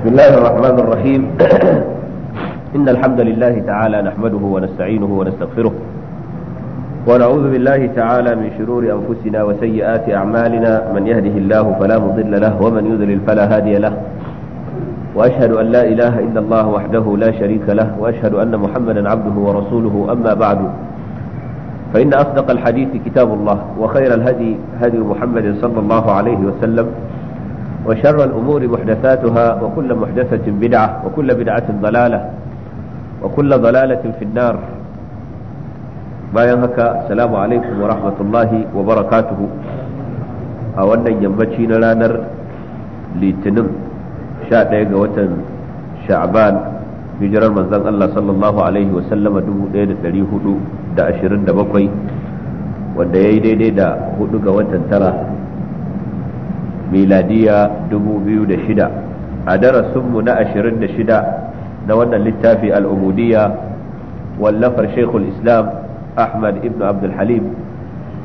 بسم الله الرحمن الرحيم إن الحمد لله تعالى نحمده ونستعينه ونستغفره ونعوذ بالله تعالى من شرور أنفسنا وسيئات أعمالنا من يهده الله فلا مضل له ومن يذلل فلا هادي له وأشهد أن لا إله إلا الله وحده لا شريك له وأشهد أن محمدا عبده ورسوله أما بعد فإن أصدق الحديث كتاب الله وخير الهدي هدي محمد صلى الله عليه وسلم وشر الأمور محدثاتها وكل محدثة بدعة وكل بدعة ضلالة وكل ضلالة في النار ما ينهك السلام عليكم ورحمة الله وبركاته أولا ينبتشي نلانر لتنم شاء ديغة وتن شعبان hijirar manzon Allah sallallahu alaihi wa sallama 1427 wanda yayi daidai da hudu ga watan tara miladiya 2006 a darasinmu na 26 na wannan littafi al'ubudiyya wallafar shekul islam ahmad ibn abdulhalim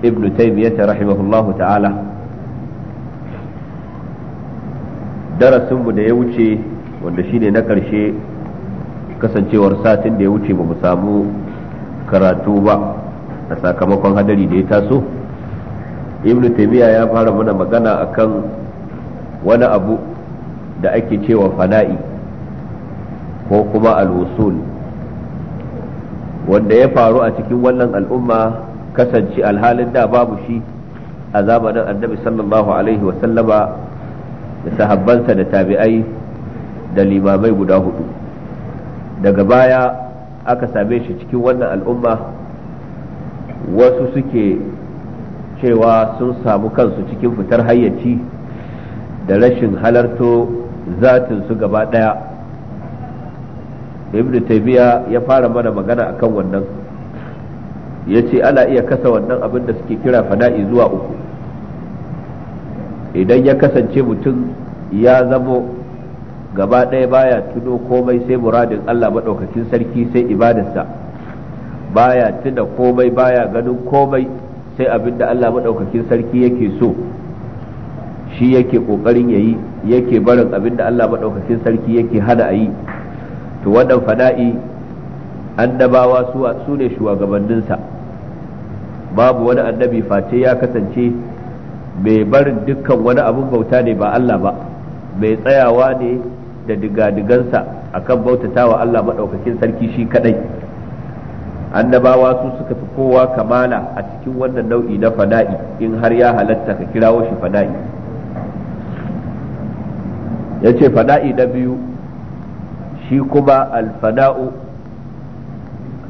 ibn taimiyyata rahimahullahu ta'ala darasinmu da ya wuce wanda shine na ƙarshe kasancewar satin da ya wuce ba mu samu karatu ba a sakamakon hadari da ya taso ibnu taymiya ya fara mana magana akan wani abu da ake cewa fana'i ko kuma alwusul wanda ya faru a cikin wannan al'umma kasance alhalin da babu shi a zamanin annabi sallallahu alaihi wasallama da sahabbansa da tabi'ai da limamai guda hudu daga baya aka same shi cikin wannan al'umma wasu suke cewa sun samu kansu cikin fitar hayyaci da rashin halarto zatinsu gaba ɗaya ibn taymiya ya fara mana magana akan wannan ya ce ana iya kasa wannan abin da suke kira fana'i zuwa uku idan ya kasance mutum ya zamo gaba ɗaya baya tuno komai sai muradin allah maɗaukakin sarki sai ibadarsa baya tuna komai baya ganin komai sai abin da Allah maɗaukakin sarki yake so shi yake ƙoƙarin yayi yake barin abin da Allah maɗaukakin sarki yake hana ayi yi to wannan fada'i annabawa su ne sa babu wani annabi face ya kasance mai barin dukkan wani abin bauta ne ba Allah ba mai tsayawa ne da digadigansa akan bautatawa Allah maɗaukakin sarki shi kaɗai. annabawa su suka fi kowa kamala a cikin wannan nau'i na fada'i in har ya halatta ka kirawo shi fada'i ya ce fada'i na biyu shi kuma alfada'u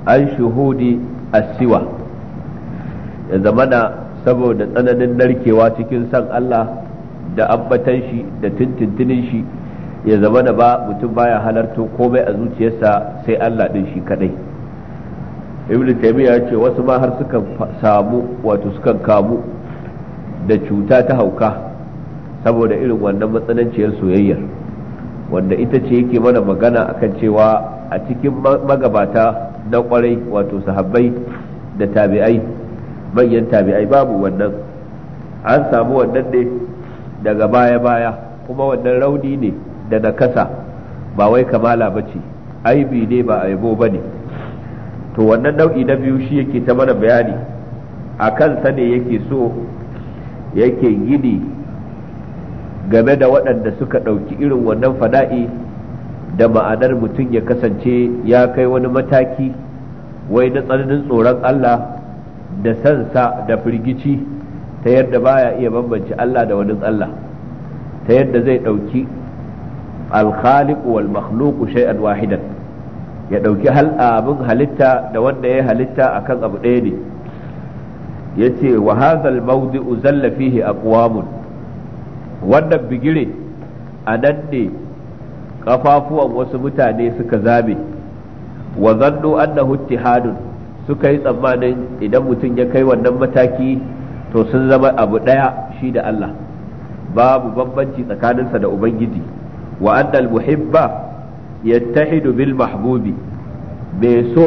an shuhudi asiwa ya zamana saboda tsananin narkewa cikin san Allah da ambatan shi da tintintinin shi ya zamana ba mutum baya halarto komai a zuciyarsa sai Allah din shi kadai ibn taymiya ya ce wasu ma har suka samu wato sukan kamu da cuta ta hauka saboda irin wannan matsananciyar soyayyar wanda ita ce yake mana magana akan cewa a cikin magabata na kwarai wato sahabbai da tabi'ai manyan tabi'ai babu wannan an samu wannan ne daga baya-baya kuma wannan rauni ne da nakasa ba wai kamala ba ce aibi ne ba aibo ba ne to wannan nau'i na biyu shi yake ta mana bayani a kansa ne yake so yake gini game da waɗanda suka ɗauki irin wannan fada'i da ma'anar mutum ya kasance ya kai wani mataki wai na tsananin tsoron Allah da sansa da firgici ta yadda baya iya bambanci Allah da wani Allah ta yadda zai ɗauki alkhaliku wal makhluku shay'an wahidan ya ɗauki abin halitta da wanda ya halitta akan abu ɗaya ne ya ce wa hazal mawdi'u zalla fihi aqwamun wannan bigire a nan ne Ƙafafuwan wasu mutane suka zabe wa zannu annahu ittihadun suka yi tsammanin idan mutum ya kai wannan mataki to sun zama abu ɗaya shi da Allah babu bambanci tsakaninsa da ubangiji wa annal muhibba yattahidu bil mahbubi bai so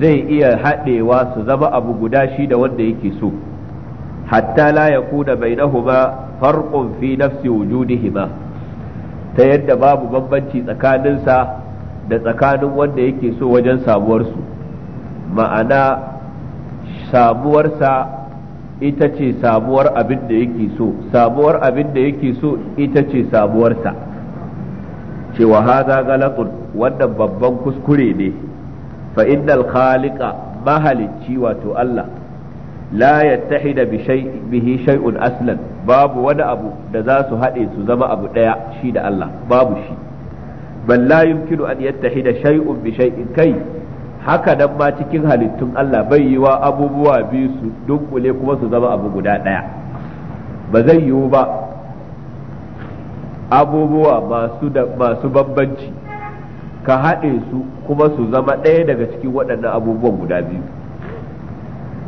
zai iya haɗewa su zama abu guda shi da wanda yake so hatta la yakuna ba farqun fi nafsi ba ta yadda babu bambanci tsakaninsa da tsakanin wanda yake so wajen samuwarsu ma'ana samuwarsa ita ce samuwar abin da yake so samuwar abin da yake so ita ce samuwarsa cewa haza galatun wanda babban kuskure ne fa innal khaliqa mahalicci wato Allah la yattahida bi shay'in bihi shay'un aslan babu wani abu da za su haɗe su zama abu ɗaya shi da Allah babu shi bal la yumkinu an yattahida shay'un bi shay'in kai haka nan ma cikin halittun Allah bai yiwa abubuwa biyu su dunkule kuma su zama abu guda ɗaya ba zai yiwu ba abubuwa ba su bambanci ka haɗe su kuma su zama ɗaya daga cikin waɗannan abubuwan guda biyu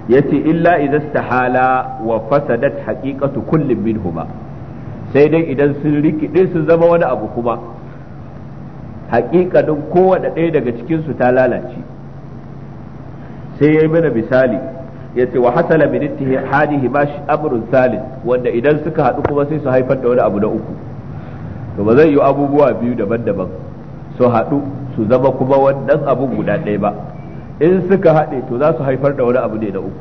ya ce illa idan stahala wa fasadat kullum min huma sai dai idan sun rikiɗe su zama wani abu kuma haƙiƙanin kowane ɗaya daga cikinsu ta lalace sai ya yi mana misali ya ce wa hasala min ittihadihi ma amrun salis wanda idan suka haɗu kuma sai su haifar da wani abu na uku to ba zai yi abubuwa biyu daban-daban su haɗu su zama kuma wannan abun guda ɗaya ba in suka haɗe to za su haifar da wani abu ne na uku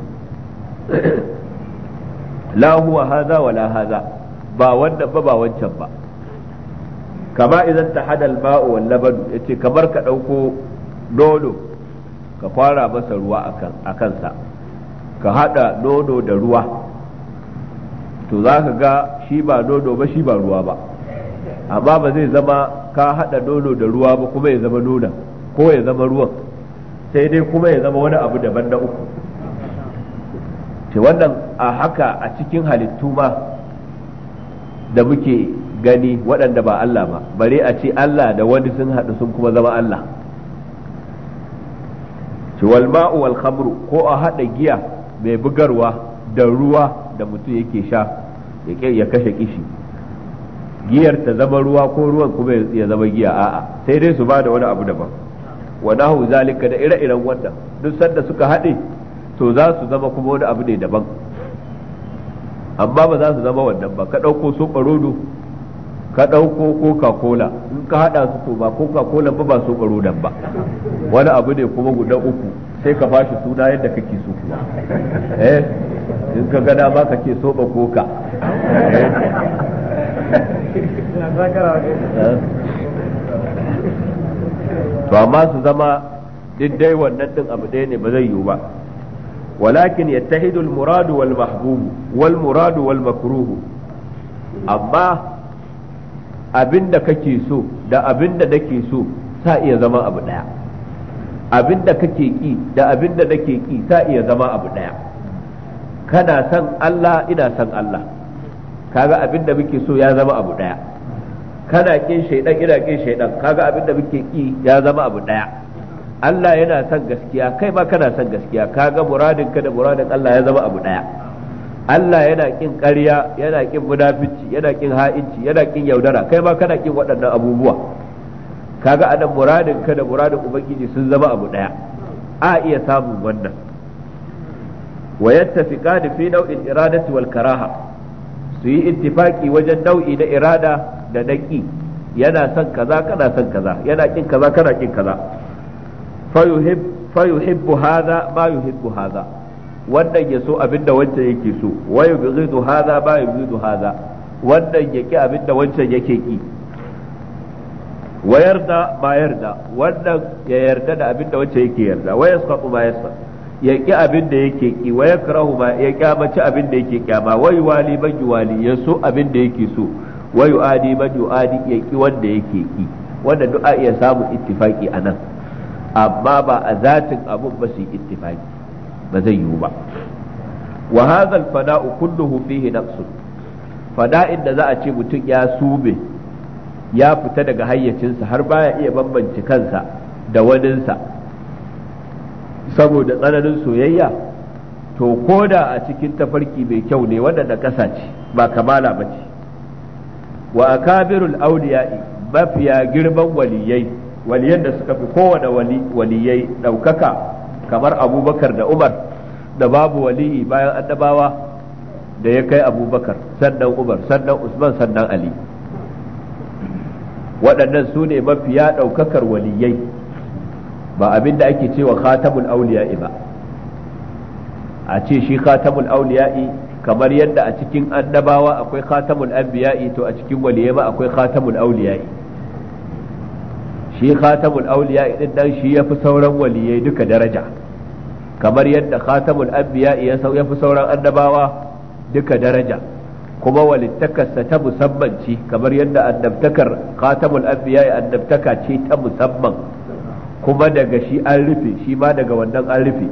la huwa haza wa la haza ba wannan ba ba wancan ba kama idan ta hada al-ma'u wal labanu yace kamar ka ɗauko nono ka fara masa ruwa akan sa ka haɗa nono da ruwa to za ka ga shi ba nono ba shi ba ruwa ba amma ba zai zama ka haɗa nono da ruwa ba kuma ya zama nuna ko ya zama ruwan sai dai kuma ya zama wani abu daban na uku ce wannan a haka a cikin halittu ma da muke gani waɗanda ba Allah ba bare a ce Allah da wani sun haɗu sun kuma zama Allah ce wal ma'u wal khamru ko a haɗa giya mai bugarwa da ruwa da mutum yake sha ya kashe kishi giyar ta zama ruwa ko ruwan kuma ya zama giya a'a sai dai su bada wani abu daban wana hu zalika da ire-iren wannan duk sanda suka haɗe to za su zama kuma wani abu ne daban amma ba za su zama wannan ba ka ɗauko soɓa rodo ka ɗauko coca-cola in ka haɗa su to ba coca-cola ba ba soɓa rodon ba wani abu ne kuma guda uku sai ka bashi suna yadda kake so kuma eh in ka gada ba ka ce soɓa coca eh. to amma su zama diddai wannan din abu ɗaya ne ba zai yiwu ba walakin yattahidu al muradu wal mahbub wal muradu wal makruh amma abinda kake so da abinda nake so sa iya zama abu ɗaya abinda kake ki da abinda nake ki sa iya zama abu ɗaya kana san Allah ina san Allah kaga abin da muke so ya zama abu daya kana kin shaidan ina kin shaidan kaga abin da muke ki ya zama abu daya Allah yana son gaskiya kai ma kana son gaskiya kaga muradin ka da muradin Allah ya zama abu daya Allah yana kin ƙarya yana kin munafici yana kin ha'inci yana kin yaudara kai ma kana kin waɗannan abubuwa kaga anan muradin ka da muradin ubangiji sun zama abu daya a iya samun wannan wa yattafiqani fi nau'in iradati wal karaha su yi ittifaki wajen nau'i na irada da daki yana son kaza kana son kaza yana kin kaza kana kin kaza fayuhib fayuhibbu hadha ma yuhibbu hadha wannan ya so abinda wancan yake so wa yubghidu hadha ma yubghidu hadha wannan ya ki abinda wancan yake ki wa yarda ba yarda wannan ya yarda da abinda wancan yake yarda wa yasqatu ba yasqatu ya ƙi abin da yake ƙi wa ya karahu ba ya abaci abin da yake ƙyama wai wali man wali ya so abin da yake so wai yu'adi ba yu'adi ya ƙi wanda yake ƙi wanda du'a iya samun ittifaki a nan amma ba a zatin abun ba su yi ittifaki ba zai yiwu ba wa hadha al kulluhu fihi naqsun fada'in da za a ce mutum ya sube ya fita daga hayyacinsa har baya iya bambance kansa da waninsa saboda tsananin soyayya to ko da a cikin tafarki mai kyau ne wadanda kasa ce ba kamala ba ce wa akabirul auliya'i mafiya girman waliyai waliyan da suka fi kowane waliyai ɗaukaka kamar abubakar da umar da babu waliyi bayan annabawa da ya kai abubakar sannan umar sannan usman sannan ali waɗannan su ne mafiya ɗaukakar waliyai ba abin da ake cewa khatabul auliya'i ba a ce shi khatabul auliya'i kamar yadda a cikin annabawa akwai khatamul anbiya'i to a cikin waliyai ma akwai khatamul auliya'i shi khatamul auliya'i din dan shi yafi sauran waliyai duka daraja kamar yadda khatamul anbiya'i ya yafi sauran annabawa duka daraja kuma walittakarsa ta musamman ce kamar yadda annabtakar khatamul anbiya'i annabtaka ce ta musamman kuma daga shi an rufe shi ma daga wannan an rufe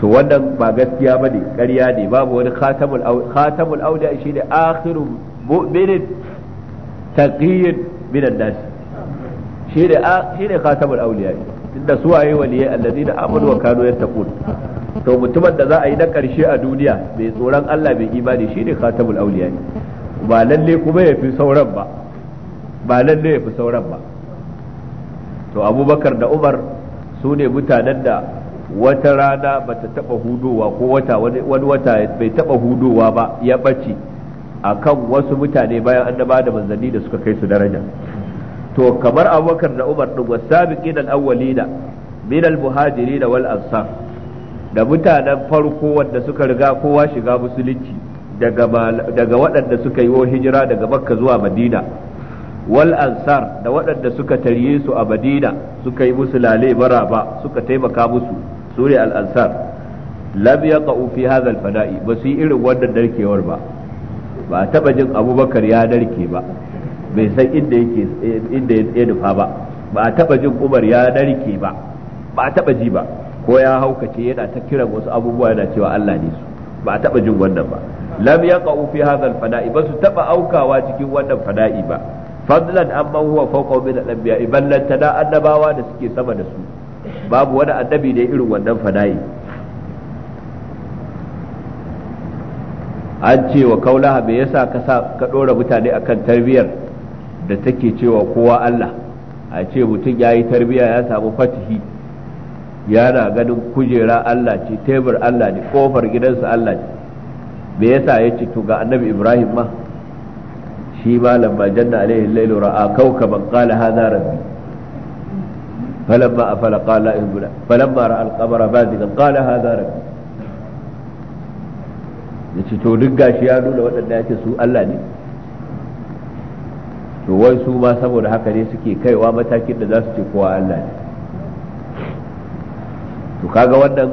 to wannan ba gaskiya ba ne ƙarya ne babu wani khatamul auliya shi ne akhiru mu'minin taqiyyin minan nasi shi ne shi ne khatamul auliya inda su waye waliye allazina amanu wa kanu yattaqun to mutumin da za a yi na karshe a duniya mai tsoron Allah mai imani shi ne khatamul auliya ba lalle kuma ya fi sauran ba ba lalle ya fi sauran ba to abubakar da umar su ne mutanen da wata rana ba ta taɓa hudowa ko wata wani wata bai taɓa hudowa ba ya ɓace a kan wasu mutane bayan annaba da manzanni da suka kai su daraja to kamar abubakar da umar ɗin wasabiqin al-awwalina min Muhajiri da wal ansar da mutanen farko wanda suka riga kowa shiga musulunci daga waɗanda suka yi hijira daga makka zuwa madina wal ansar da waɗanda suka tarye su a madina suka yi musu lale ba suka taimaka musu su al ansar lam yaqa'u fi hadha al fada'i ba su yi irin wannan darkewar ba ba taba jin abubakar ya darke ba bai san inda yake inda ya nufa ba ba taba jin umar ya darke ba ba taba ji ba ko ya haukace yana ta kiran wasu abubuwa yana cewa Allah ne su ba taba jin wannan ba lam yaqa'u fi hadha al fada'i ba su taba aukawa cikin wannan fada'i ba fadlan amma huwa fawqa min al-anbiya ballan tada annabawa da suke sama da su babu wani annabi da irin wannan fadayi an ce wa kaulaha me yasa ka sa ka dora mutane akan tarbiyar da take cewa kowa Allah a ce mutum ya yi tarbiya ya samu fatihi yana ganin kujera Allah ce tebur Allah ne kofar gidansa Allah ne me yasa ya ce to ga annabi Ibrahim ma shi malam ba janna alaihi lailu ra'a kawkaban qala hadha rabbi falamma afala qala ibla falamma ra'a رأى القمر بازغا قال هذا ربي yace to duk gashi ya nuna waɗanda ya ce su Allah ne to wai su ma saboda haka ne suke kaiwa matakin da za su ce kowa Allah ne to kaga wannan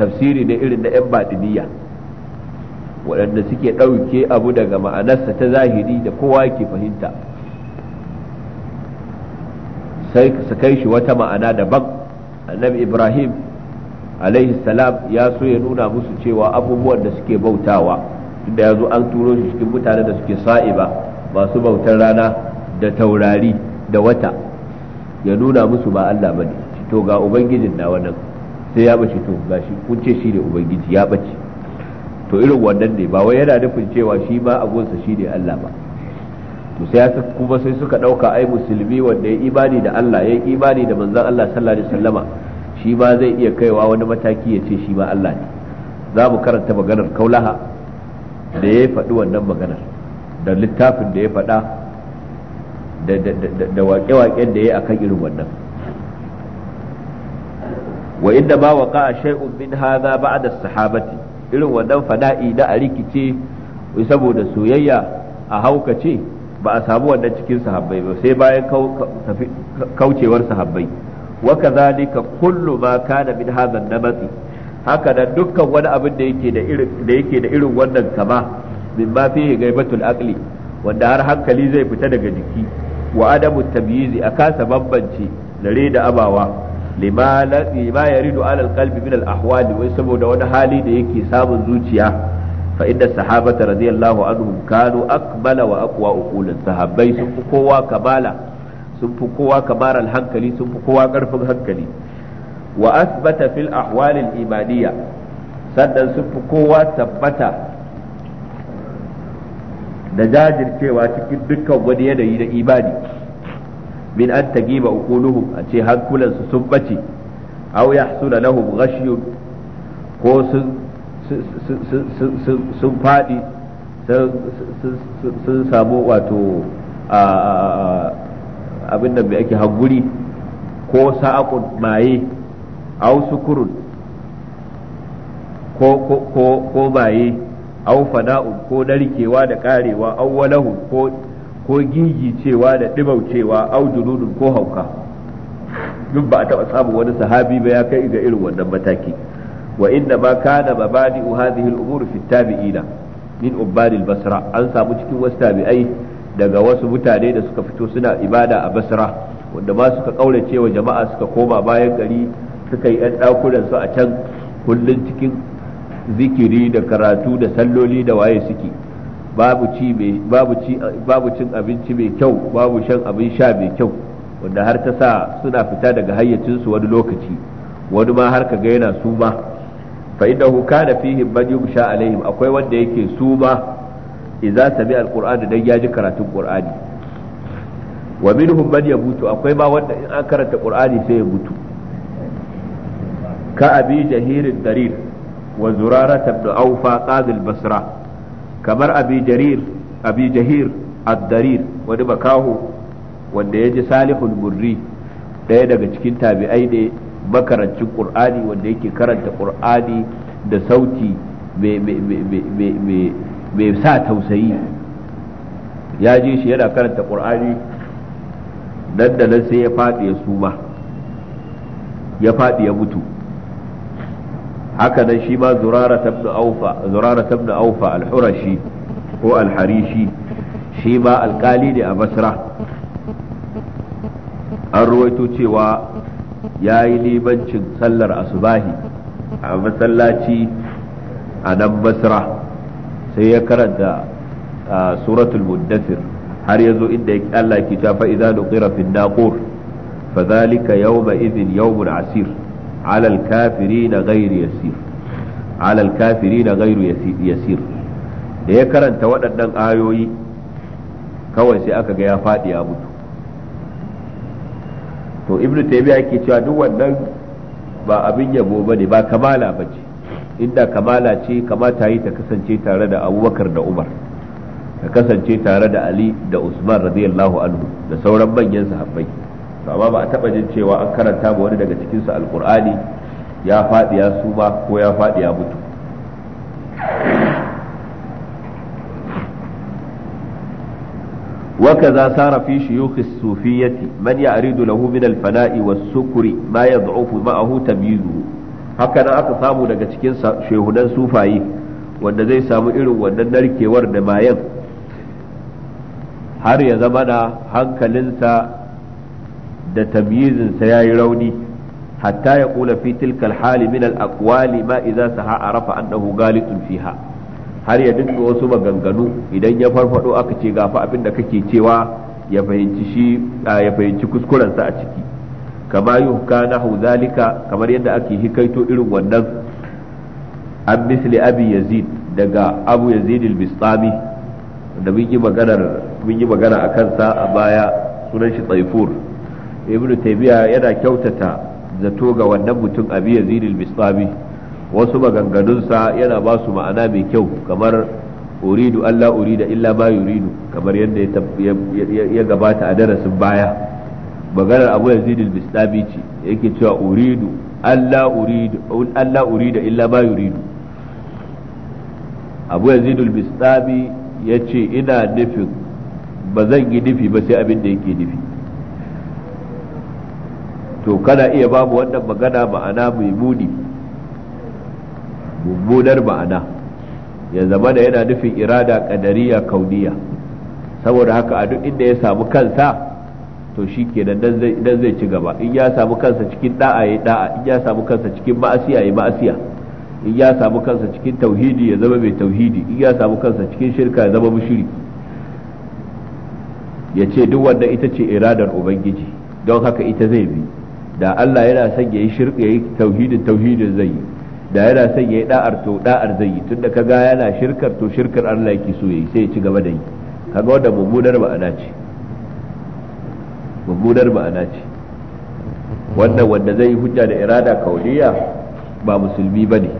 tafsiri ne irin na 'yan badiniya waɗanda suke ɗauke abu daga ma'anarsa ta zahiri da kowa ke fahimta sai su kai shi wata ma'ana daban annabi ibrahim alaihi salam ya so ya nuna musu cewa abubuwan da suke bautawa tunda ya zo an turo shi cikin mutane da suke sa'iba masu bautar rana da taurari da wata ya nuna musu ba Allah ba ne to ga ubangijin na wannan sai ya bace to shi kun ce shi ne ubangiji ya bace to irin wannan ne ba wai yana nufin cewa shi ma abunsa shi ne Allah ba to sai kuma sai suka ɗauka ai musulmi wanda ya imani da Allah ya imani da manzon Allah sallallahu alaihi wasallama shi ma zai iya kaiwa wani mataki ya ce shi ma Allah ne za mu karanta maganar kaulaha da ya faɗi wannan maganar da littafin da ya faɗa da waƙe-waƙen da ya yi akan irin wannan wa inda ma waƙa a shay'un min hadha ba'da sahabati irin wannan fada'i da a rikice saboda soyayya a haukace ba a samu wannan cikin sahabbai ba sai bayan kaucewar sahabbai wa kadhalika kullu ma kana min hadha nabati haka da dukkan wani abin da yake da irin da yake da irin wannan kama min ma fihi ghaibatul aqli wanda har hankali zai fita daga jiki wa adamu tabyizi a kasa bambance dare da abawa lima lima yaridu alal kalbi min alahwal wai saboda wani hali da yake samun zuciya fa inda sahabata radiyallahu anhum kanu akbala wa aqwa uqulan sahabbai sun fi kowa kabala sun fi kowa kabaral hankali sun fi kowa karfin hankali wa asbata fil ahwal al ibadiyya sannan sun fi kowa tabbata da jajircewa cikin dukkan wani yanayi na ibadi min an tagiba uquluhum a ce hankulansu sun bace aw yahsula lahum ghashyun ko sun sun sun samu wato abin da mai ake hanguri ko sa'aqun maye aw sukurun ko maye aw fada'un ko narkewa da karewa aw walahu ko ko gigicewa da ɗibaucewa au junudun ko hauka duk ba a taɓa samun wani sahabi ba ya kai ga irin wannan mataki wa inda ma kana mabadi'u hadhihi al-umur fi tabi'ina min ubbadil basra an samu cikin wasu tabi'ai daga wasu mutane da suka fito suna ibada a basra wanda ma suka kaurace wa jama'a suka koma bayan gari suka yi ɗan ɗakunan su a can kullun cikin zikiri da karatu da salloli da waye suke babu cin abinci mai kyau babu shan abin sha mai kyau wanda har ta sa suna fita daga hayyacinsu wani lokaci wani ma har ka ga yana suma fa innahu kana fihim man yumsha alaihim akwai wanda yake su suma idza sami alqur'ani dan ya ji karatun qur'ani wa minhum man yabutu akwai ma wanda in an karanta qur'ani sai ya mutu ka abi jahirin darir wa zurara ibn awfa qadil basra kamar abi jarir abi jahir ad-darir wani makaho wanda ya ji salihul burri ɗaya daga cikin tabi'ai ne makarancin qur'ani wanda yake karanta qur'ani da sauti mai sa tausayi ya ji shi yana karanta qur'ani nan da nan sai ya faɗi ya suma ya faɗi ya mutu haka nan shi ma zurara tabda aufa zurara tabda aufa al-hurashi ko al-harishi shi ma alkali ne a basra an ruwaito cewa ya yi libancin sallar asubahi a masallaci a nan basra sai ya karanta suratul muddathir har ya zo inda Allah ke ta fa'iza da ƙirafin naƙur fa zalika yawma idhin yawmun asir alal kafiri na gairu yasir da ya karanta waɗannan ayoyi kawai sai aka ga ya faɗi ya mutu to ibnu taymiya yake cewa duk wannan ba abin yabo ne ba kamala bace inda kamala ce kamata yi ta kasance tare da abubakar da umar ta kasance tare da ali da usman radiyallahu anhu da sauran manyan sahabbai to amma ba a taba jin cewa an karanta ba wani daga cikinsu alkur'ani ya faɗi ya suma ko ya faɗi ya mutu وكذا صار في شيوخ الصوفية من يعرض له من الفناء والسكر ما يضعف معه تمييزه هكذا أقسام لك تكين شيخنا صوفي وأن زي سامئر وأن نركي ورد ما يض har ya zama na hankalinsa da tamyizinsa ya yi rauni hatta ya kula fi tilkal hali min al aqwali ma idza saha arafa annahu galitun fiha har ya dinga wasu maganganu idan ya farfado aka ce gafa abin da kake cewa ya fahimci shi ya fahimci kuskurensa a ciki kama yuhka nahu zalika kamar yadda ake hikaito irin wannan an misli abi yazid daga abu yazid al-bistami da mun yi magana a kansa a baya sunan shi tsaifur ibn taibiya yana kyautata zato ga wannan mutum abi yazid al-bistami wasu maganganunsa yana ba su ma'ana mai kyau kamar uridu Allah urida illa ma yuridu kamar yadda ya gabata a darasin baya maganar abu yazid al-bistami ce yake cewa uridu Allah uridu Allah urida illa ma yuridu abu yazid al-bistami yace ina nufin ba zan yi nufi ba sai abin da yake nufi to kana iya babu wannan magana ma'ana mai muni mummunar ma'ana ya zama da yana nufin irada kadariya kauniya saboda haka a duk inda ya samu kansa to shi ke nan zai ci gaba in ya samu kansa cikin da'a ya da'a in ya samu kansa cikin ma'asiya ya ma'asiya in ya samu kansa cikin tauhidi ya zama mai tauhidi in ya samu kansa cikin shirka ya zama mushiri ya ce duk wanda ita ce iradar ubangiji don haka ita zai bi da Allah yana son yayi shirk yayi tauhidin tauhidin zai da yana son yayi da'ar to da'ar zai tunda kaga yana shirkar to shirkar Allah yake so yayi sai ya ci gaba da yi kaga wanda mummunar ma'ana ce mummunar ma'ana ce wannan wanda zai yi hujja da irada kauliya ba musulmi bane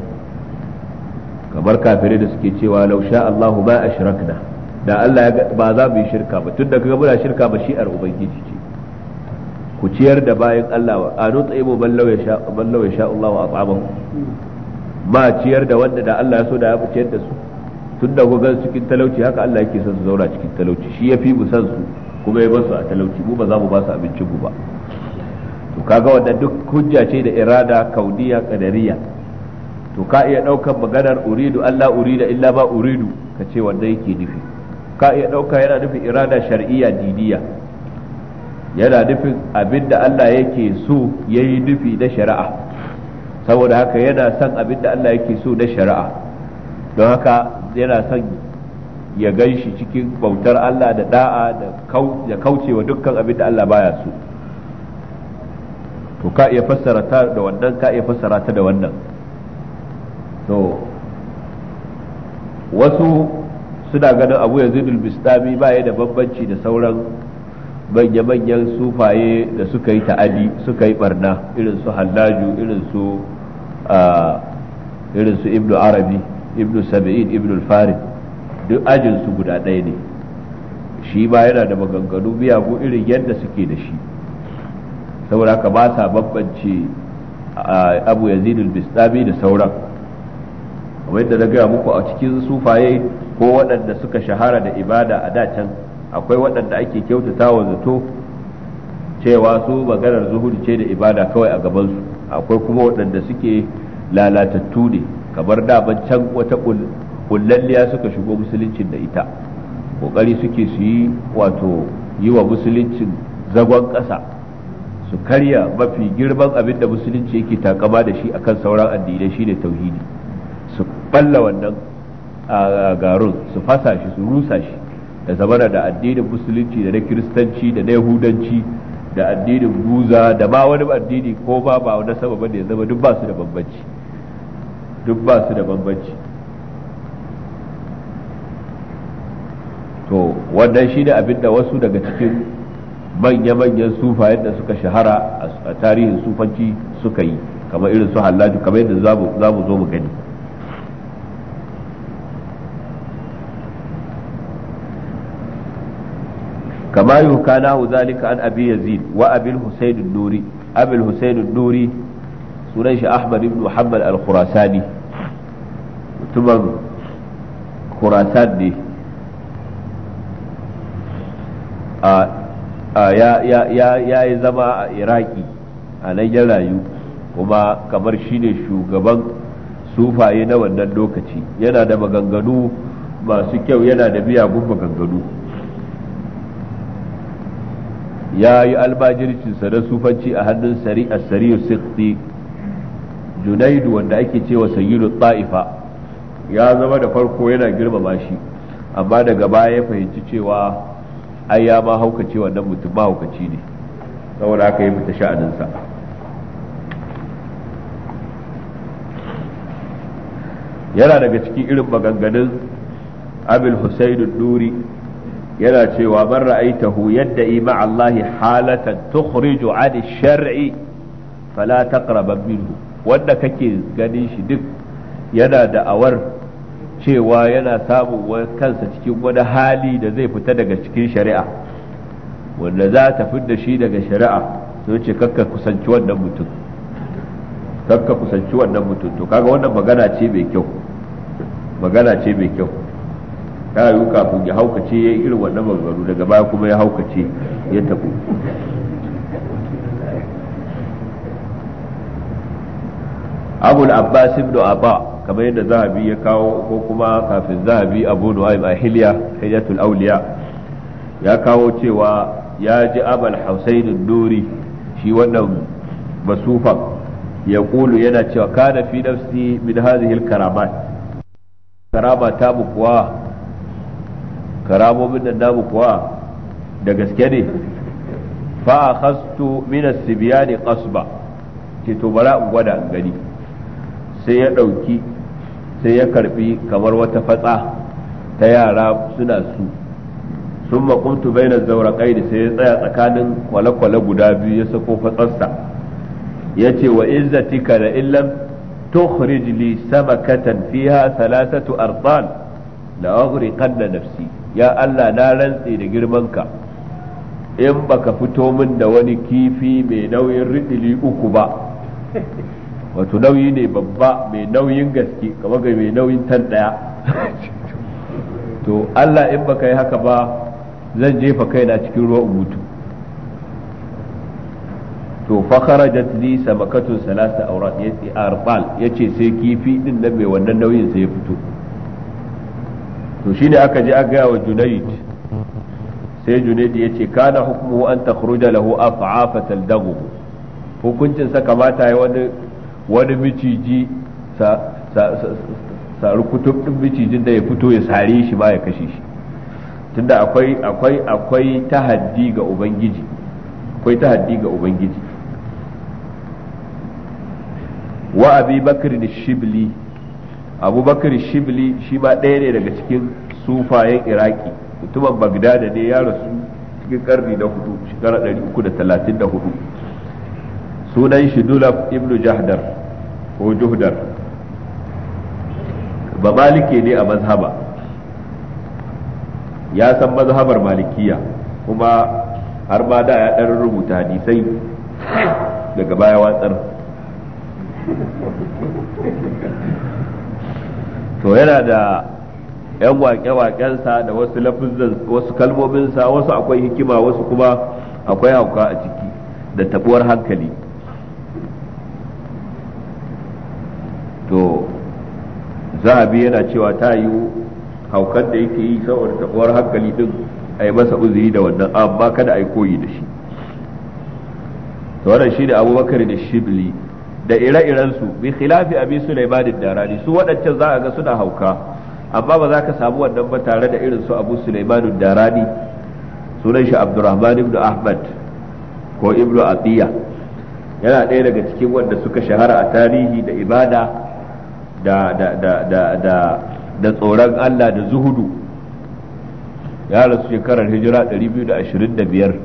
kamar kafirai da suke cewa law sha Allahu ba ashrakna da Allah ba za mu yi shirka ba tunda kaga muna shirka ba shi'ar ubangiji ce ku ciyar da bayan Allah wa a nutsa imo ballau ya sha Allah wa ciyar da wanda da Allah ya so da ya ciyar da su tun da ku gan cikin talauci haka Allah yake son su zauna cikin talauci shi ya fi mu san su kuma ya basu a talauci mu ba za mu ba su abincin mu ba to kaga wanda duk hujja ce da irada kaudiya kadariya to ka iya daukar maganar uridu Allah urida illa ba uridu ka ce wanda yake nufi ka iya dauka yana nufin irada shar'iyya didiya yana nufin abin da Allah yake so ya yi nufi na shari'a saboda haka yana son abin da Allah yake so na shari'a don haka yana son ya gan shi cikin bautar Allah da da'a da wa dukkan abin da Allah baya so to ka iya fassara ta da wannan ka iya fassara ta da wannan to wasu suna ganin abu yanzu bistami ba ya da bambanci da sauran manya-manyan sufaye da suka yi ta'adi suka yi barna irin su hallaju irin su irin su ibnu arabi ibnu sabi'in ibnu farid duk ajin su guda ɗaya ne shi ba yana da maganganu biya ko irin yadda suke da shi saboda ka ba sa bambance abu yazid al-bistami da sauran kamar yadda na gaya muku a cikin sufaye ko waɗanda suka shahara da ibada a da can akwai waɗanda ake kyautata wa zato cewa su maganar zuhuri ce da ibada kawai a gabansu akwai kuma waɗanda suke lalatattu ne kamar daban can wata ƙullalliya suka shigo musuluncin da ita kokari suke su yi wato yi wa musuluncin zagon ƙasa su karya mafi girman abin da musulunci yake takama da shi akan sauran addinai shi ne tauhidi su balla wannan a garin su fasa shi su rusa shi da zamana da addinin musulunci da na kiristanci da na yahudanci da addinin buza da ma wani addini ko ba ba na sama bane ya zama duk ba su da bambanci duk ba su da bambanci to wannan shine abin da wasu daga cikin manya-manyan sufa yadda suka shahara a tarihin sufanci suka yi kamar irin su hallaju kamar yadda za mu zo mu gani kama yuka nahu zalika an abi yazid wa nuri husayn sunan shi ahmad ibn muhammad al-khurasani mutumin khurasan ne ya zama a iraki a nan ya kuma kamar shine shugaban sufaye na wannan lokaci yana da maganganu masu kyau yana da miyagun maganganu ya yi albajircinsa na sufanci a hannun sari a sariyu sikti junaidu wanda ake cewa sayyidu ta'ifa ya zama da farko yana girmama shi amma daga baya ya fahimci cewa ai ya ma haukace wannan mutum ma haukaci ne saboda aka yi fita sha'aninsa yana daga cikin irin maganganun abil husainu duri yana cewa man ra'aitahu yadda'i ma'a Allah halatan tukhriju 'ani shar'i fala taqraban minhu wanda kake ganin shi duk yana da awar cewa yana samun kansa cikin wani hali da zai fita daga cikin shari'a wanda za ta da shi daga shari'a sai ce kakka kusanci wannan mutum kakka kusanci wannan mutum to kaga wannan magana ce mai kyau magana ce mai kyau ta yiwu kafin ya haukace ya yi irin wannan maganganu daga baya kuma ya haukace ya tafi abul abbas ibn abba kamar yadda zahabi ya kawo ko kuma kafin zahabi abu nu'aym a hilya hilyatul awliya ya kawo cewa ya ji abal hausain nuri shi wannan basufan ya kulu yana cewa kana fi nafsi min hadhihi al karamat karama ta kuwa karamomin da namu kuwa da gaske ne fa akhastu min as-sibyani qasba ce to bara in gwada in gani sai ya ɗauki sai ya karbi kamar wata fatsa ta yara suna su sun makuntu bai na zaurakai da sai ya tsaya tsakanin kwale-kwale guda biyu ya sako fatsarsa ya ce wa izzatika da illam tukhrij li samakatan fiha thalathatu ardan la aghriqanna nafsi ya Allah na rantse da girman ka in baka fito min da wani kifi mai nauyin riɗili uku ba wato nauyi ne babba mai nauyin gaske kamar ga mai nauyin tan ɗaya to Allah in baka yi haka ba zan jefa kaina cikin ruwan mutu to fakharajat li samakatun salasa a yace arbal yace sai kifi din na mai wannan nauyin sai ya fito to ne aka je a gaya wa junaid sai junaid ya ce kana hukumu an takhruja lahu af'afatal dagu hukuncin sa kamata ya wani wani miciji sa sa micijin da ya fito ya sare shi ba ya kashe shi tunda akwai akwai akwai tahaddi ga ubangiji akwai tahaddi ga ubangiji wa abi bakr shibli abubakar shibli shi ba ɗaya ne daga cikin sufayen iraki mutumin bagdada ne ya rasu cikin karni na hudu shekara ɗari uku da talatin da hudu sunan shi dulaf ibn jahdar ko juhdar ba malike ne a mazhaba ya san mazhabar malikiya kuma har ma da ya ɗan rubuta hadisai daga baya watsar to yana da yan waƙe-waƙensa da wasu lafizan wasu kalmominsa wasu akwai hikima wasu kuma akwai hauka a ciki da tabuwar hankali to zahabi yana cewa ta yi haukar da yake yi saboda tabuwar hankali din a yi masa uzuri da wannan amma kada a yi koyi da shi to wannan shi da abubakar da shibli da ire-iren su bi khilafi abi sulaiman darani su waɗancan za a ga suna hauka amma ba za ka samu wannan ba tare da irin su abu sulaiman darani sunan shi abdurrahman ibn ahmad ko ibnu atiya yana ɗaya daga cikin wanda suka shahara a tarihi da ibada da da da da da da tsoron Allah da zuhudu ya rasu shekarar hijira 225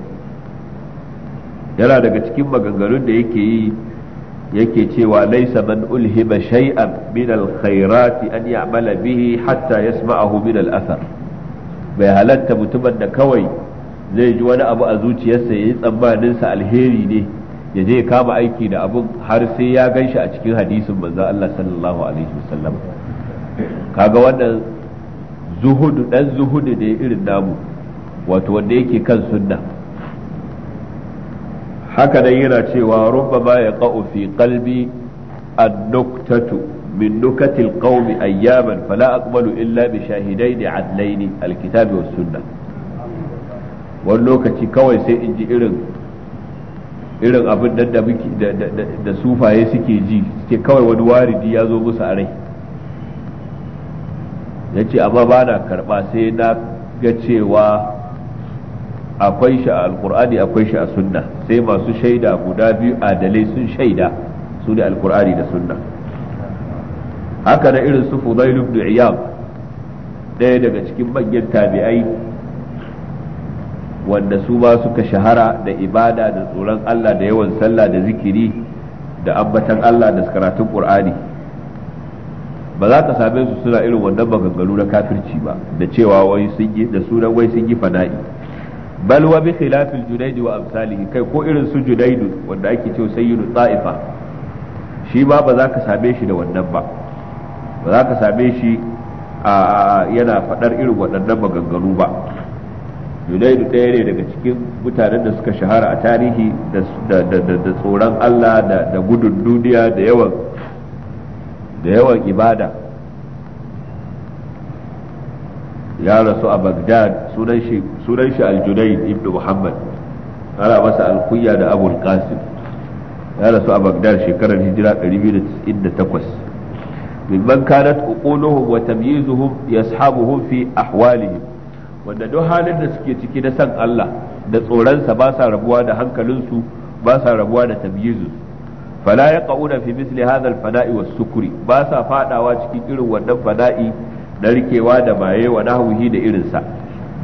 yana daga cikin maganganun da yake yi yake cewa laisa man ulhiba shay'an min alkhairati an ya'mala bihi hatta yasma'ahu min al-athar bai halatta mutumin da kawai zai ji wani abu a zuciyarsa yayi tsammanin sa alheri ne ya je kama aiki da abun har sai ya ganshi a cikin hadisin manzo Allah sallallahu alaihi wasallam kaga wannan zuhudu dan zuhudu ne irin namu wato wanda yake kan sunna haka dai yana cewa rubbama ya qa'u fi qalbi ad-nuktatu min nukatil qaumi ayyaman fala aqbalu illa bi shahidaini adlaini al-kitabi was sunnah wani lokaci kawai sai in ji irin irin abin da da sufaye suke ji suke kawai wani waridi ya zo musu a rai ya ce amma ba na karɓa sai na ga cewa akwai shi a alkur'ani akwai shi a sunna sai masu shaida guda biyu adalai sun shaida su ne alkur'ani da sunna haka na irin su fudail ibn iyam ɗaya daga cikin manyan tabi'ai wanda su ba suka shahara da ibada da tsoron Allah da yawan sallah da zikiri da ambatan Allah da karatun qur'ani ba za ka same su suna irin wannan maganganu na kafirci ba da cewa wai sun yi da sunan wai sun yi fana'i bal wa bi khilafil judaid wa amsalihi kai ko irin su judaid wanda ake cewa sayyidu ta'ifa shi ba ba za ka same shi da wannan ba ba za ka same shi a yana fadar irin waɗannan maganganu ba junaidu ɗaya ne daga cikin mutanen da suka shahara a tarihi da tsoron allah da gudun duniya da yawan ibada ya rasu a Bagdad sunan shi Al-Junayd ibn Muhammad ana masa alkuya da Abul Qasim ya rasu a bagdad shekarar hijira 298 mimman kanat uquluhum wa tamyizuhum yashabuhum fi ahwalihim wanda duk halin da suke ciki na san Allah da tsoronsa ba sa rabuwa da hankalinsu ba sa rabuwa da tamyizu fala yaqauna fi misli hadha al-fada'i was-sukri ba sa fadawa cikin irin wannan fada'i narkewa da baye wa nahwihi da irinsa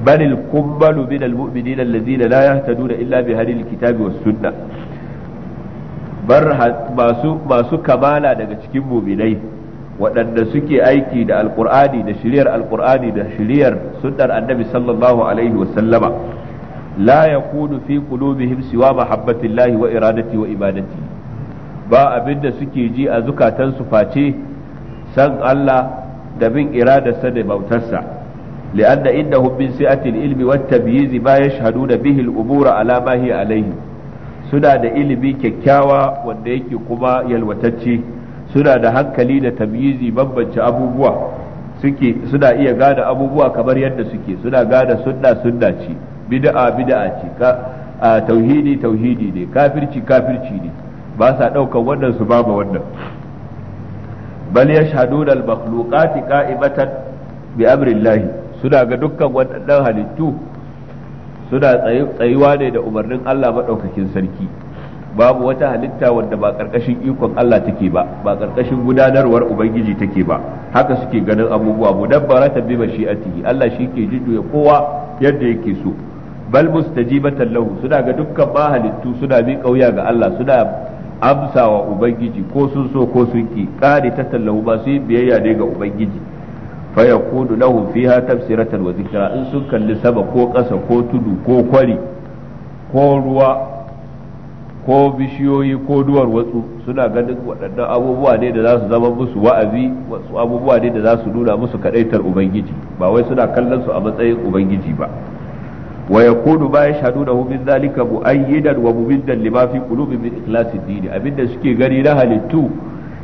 bal al kummalu min al mu'minina allazina la yahtaduna illa bi hadil kitabi was sunnah bar masu masu kamala daga cikin mu'minai waɗanda suke aiki da alkur'ani da shiryar alkur'ani da shiryar sunnar annabi sallallahu alaihi wa sallama, la yakunu fi qulubihim siwa mahabbatillahi wa iradati wa ibadati ba abinda suke ji a zukatansu face san Allah da bin iradarsa da bautarsa li'anna indahu hubbin si'atil ilmi wa tabyiz ba da bihi al-umura ala ma hi alayhi suna da ilimi kyakkyawa wanda yake kuma yalwatacce suna da hankali da tabyizi bambance abubuwa suke suna iya gada abubuwa kamar yadda suke suna gada sunna sunna ce bid'a bid'a ce ka tauhidi tauhidi ne kafirci kafirci ne ba sa daukan wannan su ba wannan bal yashhaduna al makhluqati qa'imatan bi amrillahi suna ga dukkan waɗannan halittu suna tsayuwa ne da umarnin Allah maɗaukakin sarki babu wata halitta wadda ba ƙarƙashin ikon Allah take ba ba ƙarƙashin gudanarwar ubangiji take ba haka suke ganin abubuwa mudabbara ta bi mashi'atihi Allah shi ke jujjuya kowa yadda yake so bal mustajibatan lahu suna ga dukkan ba halittu suna bi kauya ga Allah suna amsa wa ubangiji ko sun so ko sun ki kare ta tallahu ba su yi biyayya ne ga ubangiji fa kudu lahum fiha tafsiratan wa zikra in sun kalli saba ko kasa ko tudu ko kwari ko ruwa ko bishiyoyi ko duwar watsu suna ganin waɗannan abubuwa ne da za su zama musu wa'azi wasu abubuwa ne da za su nuna musu kadaitar ubangiji ba wai suna kallon su a matsayin ubangiji ba wa yakunu ba yashhadu da min zalika mu'ayyidan wa mumiddan lima fi qulubi min ikhlasi dini abinda suke gani na halittu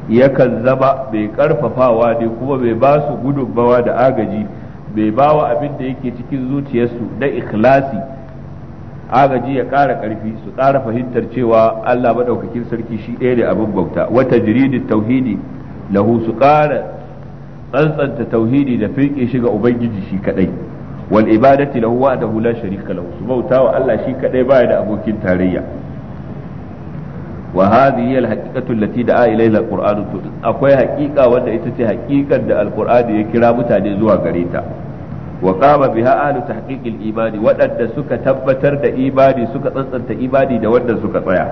yakan zama mai karfafawa ne kuma mai ba su gudunmawa da agaji mai ba wa abin da yake cikin zuciyarsu na ikhlasi agaji ya kara ƙarfi su ƙara fahimtar cewa Allah maɗaukakin sarki shi ɗaya ne abin bauta wata jiridin tauhidi lahu su ƙara tsantsanta tauhidi da firƙe shi ga ubangiji shi kaɗai wal ibadati lahu da la sharika lahu su bauta wa Allah shi kadai baya da abokin tarayya wa hadhihi al haqiqatu allati da'a ilayha akwai haqiqa wanda ita ce haqiqar da al ya kira mutane zuwa gareta waƙama wa qama biha ahlu tahqiq al ibadi wadanda suka tabbatar da ibadi suka tsantsanta ibadi da wanda suka tsaya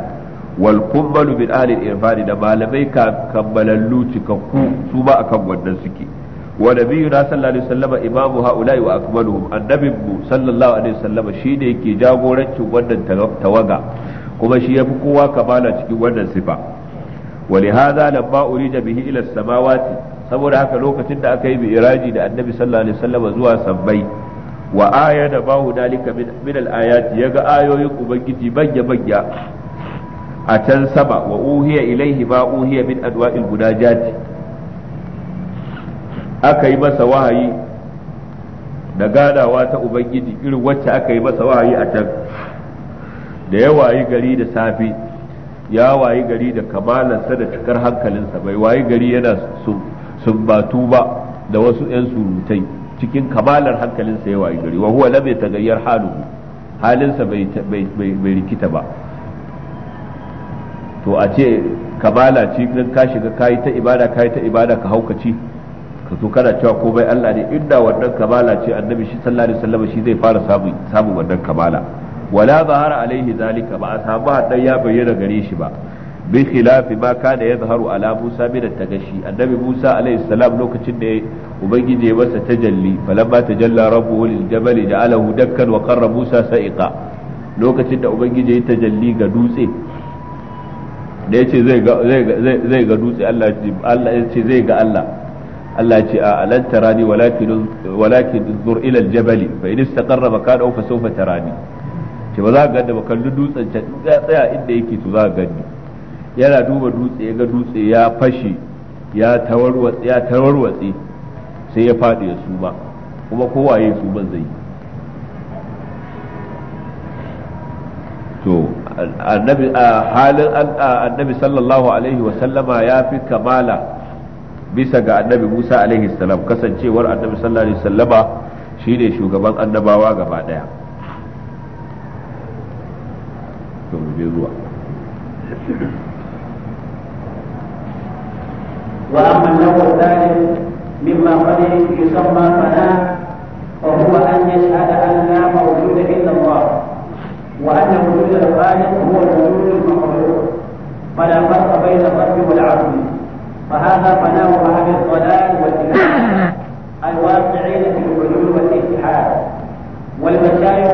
wal kummalu min ahli al irfani da malamai kammalallu cikakku su ba akan wannan suke wa nabiyuna sallallahu alaihi wasallama imamu haula'i wa akmaluhum annabin mu sallallahu alaihi wasallama shine yake jagorancin wannan tawaga kuma shi yafi kowa kamala cikin wannan sifa ولهذا لما أريد به إلى السماوات saboda haka lokacin da aka yi mi'raji da annabi sallallahu alaihi zuwa sabbai wa aya da bahu dalika min al-ayati yaga ayoyin ubangiji banya banya a can sama wa uhiya ilaihi ma uhiya min guda munajati aka yi masa wahayi da gadawa ta ubangiji irin wacce aka yi masa wahayi a can da ya wayi gari da safe ya wayi gari da kamalarsa da cikar hankalinsa bai wayi gari yana sumbatu ba da wasu 'yan surutai cikin kamalar hankalinsa ya wayi gari wa huwa lam yatagayyar haluhu halinsa bai rikita ba to a ce kamala ce ka shiga kayi ta ibada kayi ta ibada ka haukaci ka zo kana cewa ko bai Allah ne inda wannan kamala ce annabi shi sallallahu alaihi wasallam shi zai fara samu samu wannan kamala wala zahara alaihi zalika ba a samu hadan ya bayyana gare shi ba bi khilafi ma kana yadhharu ala Musa min da tagashi annabi Musa alaihi salam lokacin da ubangiji ya masa tajalli falamma tajalla rabbuhu lil jabal ja'alahu dakkan wa qarra Musa sa'iqa lokacin da ubangiji ya tajalli ga dutse da yace zai ga zai ga dutse Allah Allah yace zai ga Allah Allah ce a alan tarani walakin zur ila aljabali fa in istaqarra makanahu fa sawfa tarani ce ba za ka ganda ba kalli dutsen can in ya tsaya inda yake to za ka gani yana duba dutse ya ga dutse ya fashe ya tawarwatsi ya tawarwatsi sai ya faɗi ya suma kuma kowa ya suman zai to annabi halin annabi sallallahu alaihi wa sallama ya fi kamala bisa ga annabi Musa alaihi salam kasancewar annabi sallallahu alaihi wasallama shine shugaban annabawa gaba daya وأما النوع الثالث مما قد يسمى فناء فهو أن يشهد أن لا موجود إلا الله وأن وجود الخالق هو الوجود المخلوق فلا فرق بين الرب والعبد فهذا فناء أهل الضلال والاله الواقعين في الحلول والاتحاد والمشايخ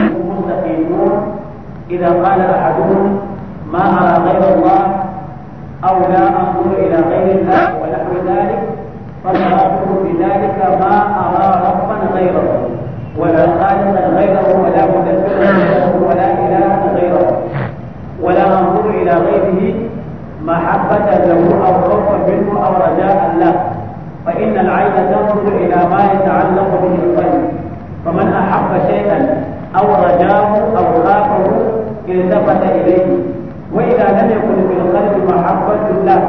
المستقيمون إذا قال أحدهم ما أرى غير الله أو لا أنظر إلى غير الله ونحو ذلك فمراده بذلك ما أرى ربا غيره ولا خالقا غيره ولا مدبرا غيره ولا إلها غيره ولا أنظر إلى غيره محبة له أو خوفا منه أو رجاء له فإن العين تنظر إلى ما يتعلق به القلب فمن أحب شيئا أو رجاه أو خافه التفت إليه وإذا لم يكن في القلب محبة له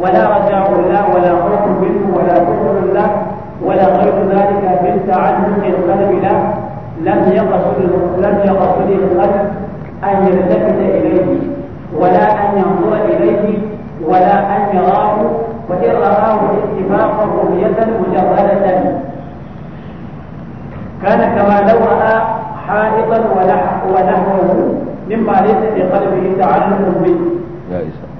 ولا رجاء له ولا خوف منه ولا كفر له ولا غير ذلك من تعلق القلب له لم يقصد لم يقصد القلب أن يلتفت إليه ولا أن ينظر إليه ولا أن يراه وإن رآه اتفاقا رؤية مجردة كان كما لو رأى حائطا ونحوه مما ليس في قلبه تعلق به. إسلام.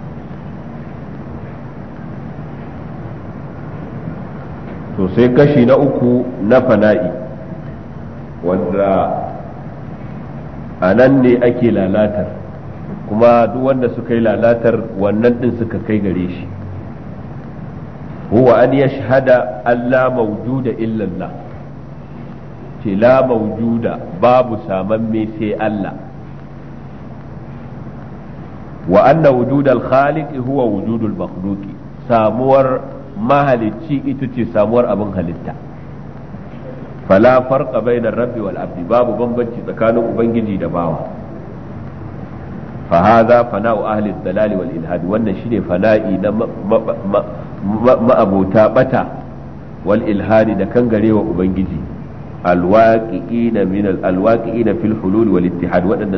to sai kashi na uku na fana'i wanda a nan ne ake lalatar kuma duk wanda suka yi lalatar wannan din suka kai gare shi huwa an yashhada Allah mawjuda illa ce la mawjuda babu me sai Allah wa anna wujudal khaliq huwa wujudul al samuwar mahalicci ita ce samuwar abin halitta fala farqa bainar rabbi wal abdi babu bambanci tsakanin ubangiji da bawa fa hadha fana'u ahli dalali walilhadi wannan shine fana'i na ma'abota bata wal ilhadi da kangarewa ubangiji alwaqi'ina min alwaqi'ina fil hulul wal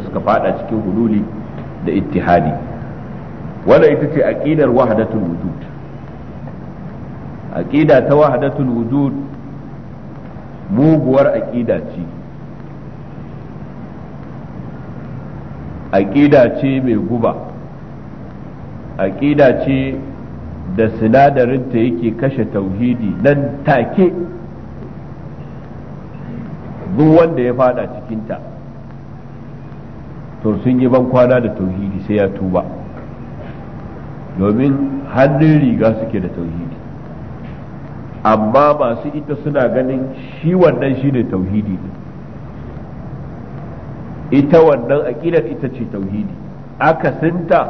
suka fada cikin hululi da ittihadi wannan ita ce aƙidar wahdatul wujud aqida ta wahdatul wujud muguwar aƙida ce aƙida ce mai guba aƙida ce da sinadarinta yake kashe tauhidi nan take duk wanda ya fada cikinta to sun yi ban kwana da tauhidi sai ya tuba domin hannun riga suke da tauhidi amma masu ita suna ganin shi wannan shi ne tauhidi ita wannan aƙidar ita ce tauhidi akasinta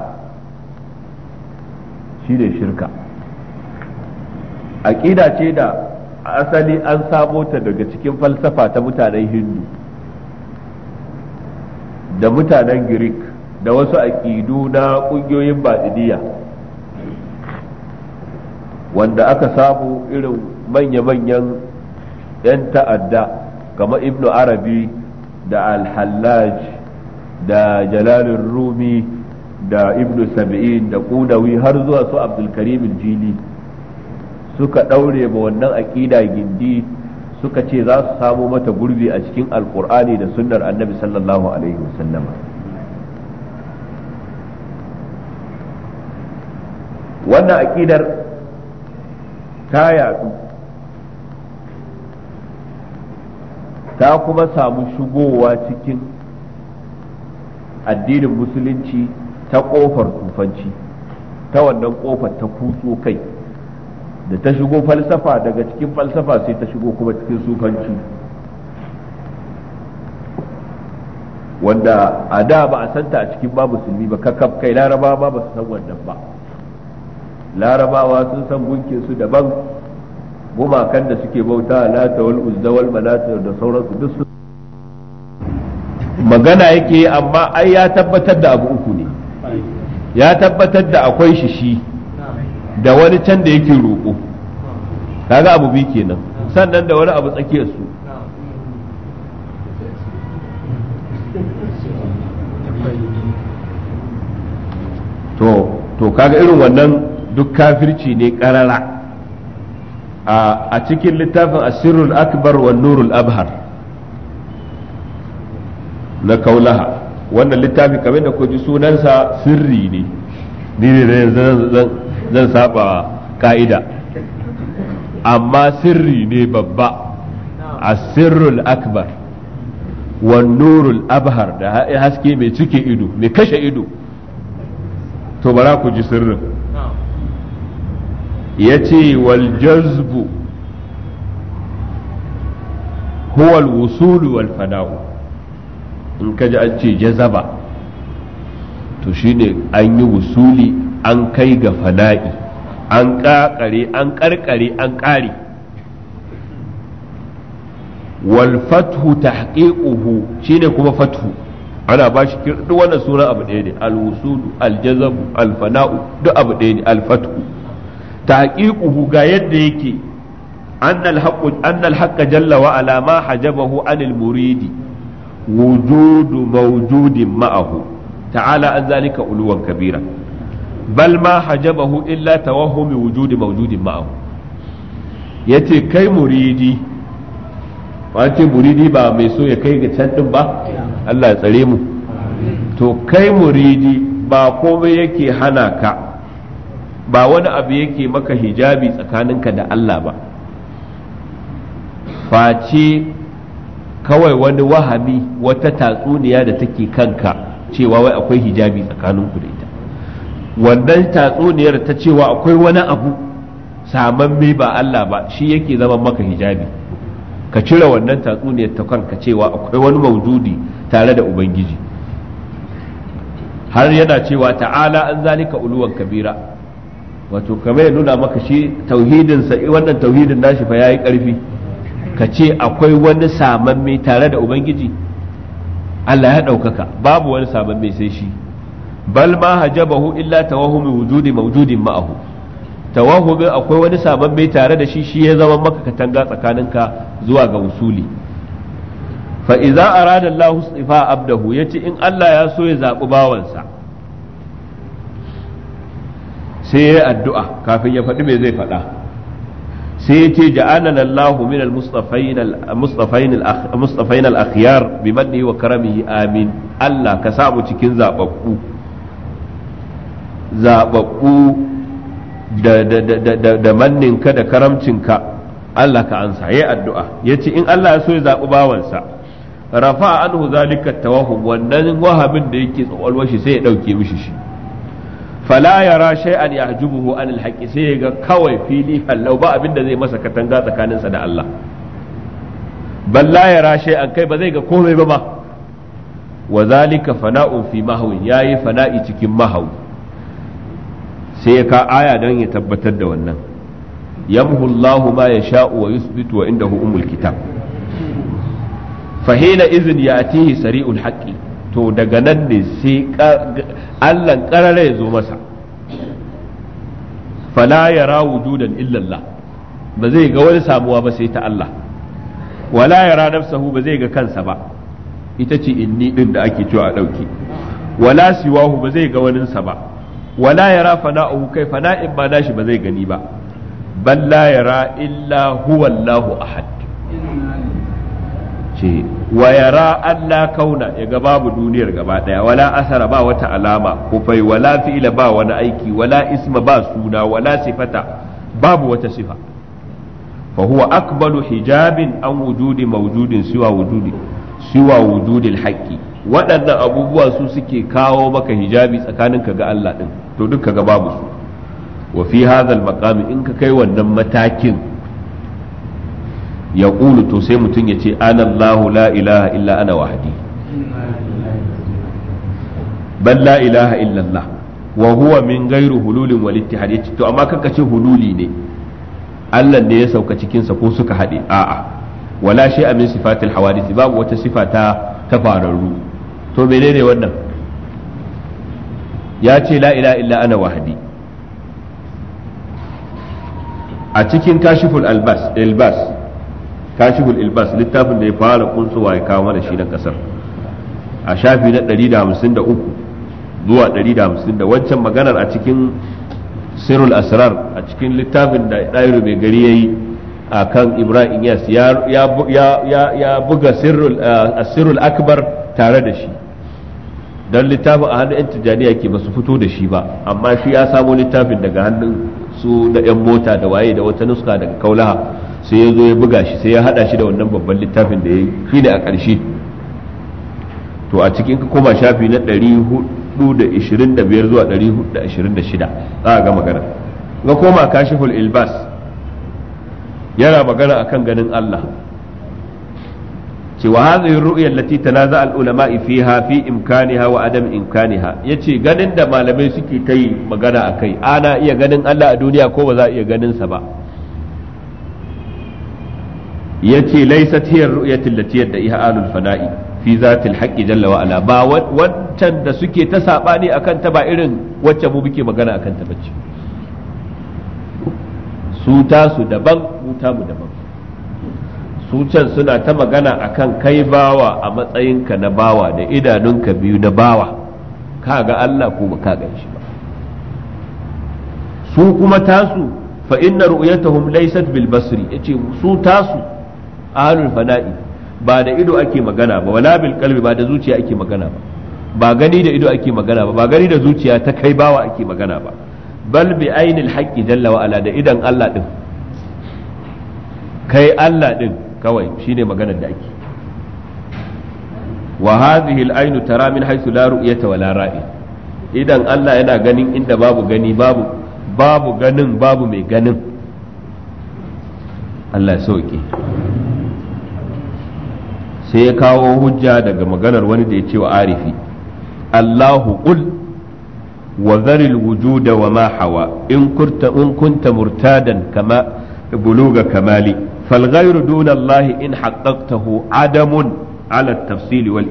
shi ne shirka aƙida ce da asali an samo ta daga cikin falsafa ta mutanen hindu da mutanen greek da wasu aƙidu na ƙungiyoyin baɗiniya wanda aka samu irin manya-manyan 'yan ta'adda kamar ibnu arabi da alhallaj da jalalin rumi da ibnu sab'in da qudawi har zuwa su abdulkarim jili suka daure ba wannan aqida gindi suka ce za su samo mata gurbi a cikin alkur'ani da sunnar annabi sallallahu alaihi wasallam wannan aqidar ta yadu ta kuma samu shigowa cikin addinin musulunci ta ƙofar tufanci ta wannan ƙofar ta kutso kai da ta shigo falsafa daga cikin falsafa sai ta shigo kuma cikin sufanci wanda a da ba a santa a cikin ba musulmi ba kakkaf kai larabawa ba su san wannan ba larabawa sun san gunkin su daban gumakan da suke bauta lata wal uzza wal da sauransu duk su magana yake amma ai ya tabbatar da abu uku ne ya tabbatar da akwai shi shi da wani can da yake roƙo kaga abu bi kenan sannan da wani abu tsakiyar su to to kaga irin wannan duk kafirci ne ƙarara. a cikin littafin asirul akbar wa nurul abhar na kaulaha wannan littafi kamar da ji sunansa sirri ne ni ne zan saba ka'ida amma sirri ne babba asirul akbar wa nurul abhar da haske mai cike ido mai kashe ido to bara ku ji sirrin ya ce wal jazbu huwa al-wusulu wal fada'u in ka ji an ce jazaba to shine an yi wusuli an kai ga fana'i an ƙaƙare an ƙarƙare an ƙare wal fathu tahqiquhu shine kuma fathu ana ba shi duk wannan sura abu ɗaya ne al-wusulu al-jazabu al-fana'u duk abu ɗaya ne al-fathu taqiquhu ga yadda yake annal haqqu annal haqqa jalla wa ala ma hajabahu anil muridi wujudu mawjudin ma'ahu ta'ala an zalika uluwan kabira bal ma hajabahu illa tawahhumi wujudi ma'ahu yace kai muridi wace muridi ba mai so ya kai ga can din ba Allah ya tsare mu to kai muridi ba komai yake hana ka ba wani abu yake maka hijabi tsakaninka da Allah ba face kawai wani wahami wata tatsuniya da take kanka cewa wai akwai hijabi tsakaninku da ita wannan tatsuniyar ta cewa akwai wani abu me ba Allah ba shi yake zama maka hijabi ka cire wannan tatsuniyar ta kanka cewa akwai wani maududi tare da ubangiji har yana cewa ta'ala an zalika uluwan kabira wato kamar ya nuna maka shi tauhidinsa sa wannan tauhidin nashi fa ya yi karfi ka ce akwai wani saman mai tare da ubangiji Allah ya ɗaukaka babu wani saman mai sai shi bal ma hajabahu illa tawahumi wujudi mawjudin ma'ahu tawahumi akwai wani saman mai tare da shi shi ya zama maka katanga tsakaninka zuwa ga usuli fa idza arada Allah istifa abdahu yace in Allah ya so ya zabi bawansa sai ya yi addu'a kafin ya faɗi me zai faɗa sai ya ce ja'ala lallahu min al-mustafain al-akhyar bi mannihi wa karamihi amin Allah ka samu cikin zaɓaɓɓu da da manninka da karamcinka Allah ka ansa yayi addu'a ya ce in Allah ya so ya zabi bawansa rafa anhu zalika tawahum wannan wahabin da yake tsakwalwar shi sai ya ɗauke mishi shi fala yara shay'an yahjubuhu anil haqqi sai yaga kawai fili fallau ba abin da zai masa katanga tsakaninsa da Allah bal la yara kai ba zai ga komai ba ma wa fana'un fi mahwi yayi fana'i cikin mahawi sai ya ka don ya tabbatar da wannan yamhu Allahu ma yasha'u wa yusbitu wa indahu umul kitab fa hina idhin ya'tihi sari'ul haqqi to daga nan ne sai allan karara ya zo masa fala yara wujudan illallah ba zai ga wani samuwa ba sai ta Allah wala yara nafsahu ba zai ga kansa ba ita ce inni din da ake cewa a ɗauki wala siwahu ba zai ga waninsa ba wala yara fana'uhu kai in ba nashi ba zai gani ba Balla yara illa huwallahu ahad ce wa yara Allah kauna ya ga babu duniyar gaba daya wala asara ba wata alama kufai wala fi'ila ba wani aiki wala isma ba suna wala sifata babu wata sifa fa huwa akbalu hijabin an wujudi mawjudin siwa wujudi siwa wujudil haqqi waɗannan abubuwa su suke kawo maka hijabi tsakanin ka ga Allah din to duk ka ga babu su wa fi hadha al in ka kai wannan matakin ya ƙulu to sai mutum ya ce anallahu la ilaha illa ana wahadi bal la ilaha illallah wa huwa min gairu hululin wal ittihad yace to amma kanka ce hululi ne Allah ne ya sauka cikin sa ko suka hade? a'a wala shay'a min sifatil hawadith babu wata sifa ta ta fararru to menene wannan ya ce la ilaha illa ana wahadi a cikin kashiful albas kashiful ilbas littafin da ya fara kunsuwa ya kawo mana shi na kasar a shafi na 153 zuwa 150 wancan maganar a cikin sirul asrar a cikin littafin da ɗairu mai gari ya yi a kan ibrahim yas ya buga sirul akbar tare da shi don littafin a hannun 'yan tijjaniya ke ba su fito da shi ba amma shi ya samo littafin daga hannun su da 'yan mota da waye da wata nuska daga kaulaha sai ya zo ya buga shi sai ya hada shi da wannan babban littafin da ya yi a ƙarshe to a cikin ka koma shafi na 425 zuwa 426 za a ga magana ga koma kashiful ilbas yana magana a kan ganin Allah cewa hadhihi ru'ya allati tanaza al ulama fiha fi imkaniha wa adam imkaniha yace ganin da malamai suke ta yi magana akai ana iya ganin Allah a duniya ko ba za a iya ganin sa ba yace laysat hiya ru'yatul lati yad'iha alul fada'i fi zatil haqqi jalla wa ala ba wancan da suke ta sabani akan ta ba irin wacce mu muke magana akan ta bace su ta su daban mu ta mu daban su can suna ta magana akan kai bawa a matsayinka na bawa da idanunka biyu na bawa ka ga Allah ko baka ka shi ba su kuma tasu fa inna ru'yatuhum laysat bil basri yace su tasu ahlul fada'i ba da ido ake magana ba wala bil qalbi ba da zuciya ake magana ba ba gani da ido ake magana ba ba gani da zuciya ta kai bawa ake magana ba bal bi ainil haqqi jalla wa ala da idan Allah din kai Allah din kawai shine maganar da ake wa hadhihi al ainu tara min haythu la ru'yata wa la ra'i idan Allah yana ganin inda babu gani babu babu ganin babu mai ganin Allah ya sauke sai ya kawo hujja daga maganar wani da wa arifi allahu qul wa zaril wujuda wa ma hawa kunta murtadan buluga kamali fal ghayru allah in haqqaqtahu adamun ala at-tafsil wal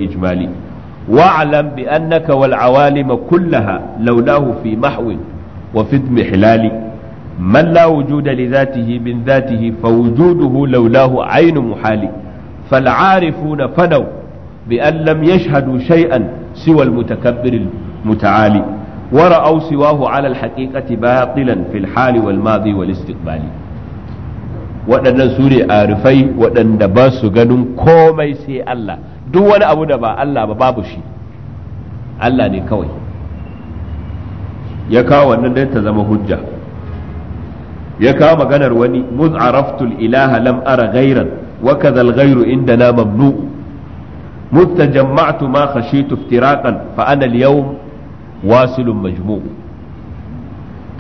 wa alam bi annaka wal awalim kullaha lawlahu fi mahwi wa fidm hilali man wujuda li min dhatihi fa wujuduhu lawlahu ayn muhali فالعارفون فدوا بأن لم يشهدوا شيئا سوى المتكبر المتعالي ورأوا سواه على الحقيقة باطلا في الحال والماضي والاستقبال waɗannan su ne arifai waɗanda ba su ganin komai sai Allah duk wani abu da ba Allah ba babu shi Allah ne kawai ya kawo wannan dai ta zama hujja ya kawo maganar wani muz araftul ilaha lam ara gairan وكذا الغير عندنا ممنوع مت جمعت ما خشيت افتراقا فأنا اليوم واصل مجموع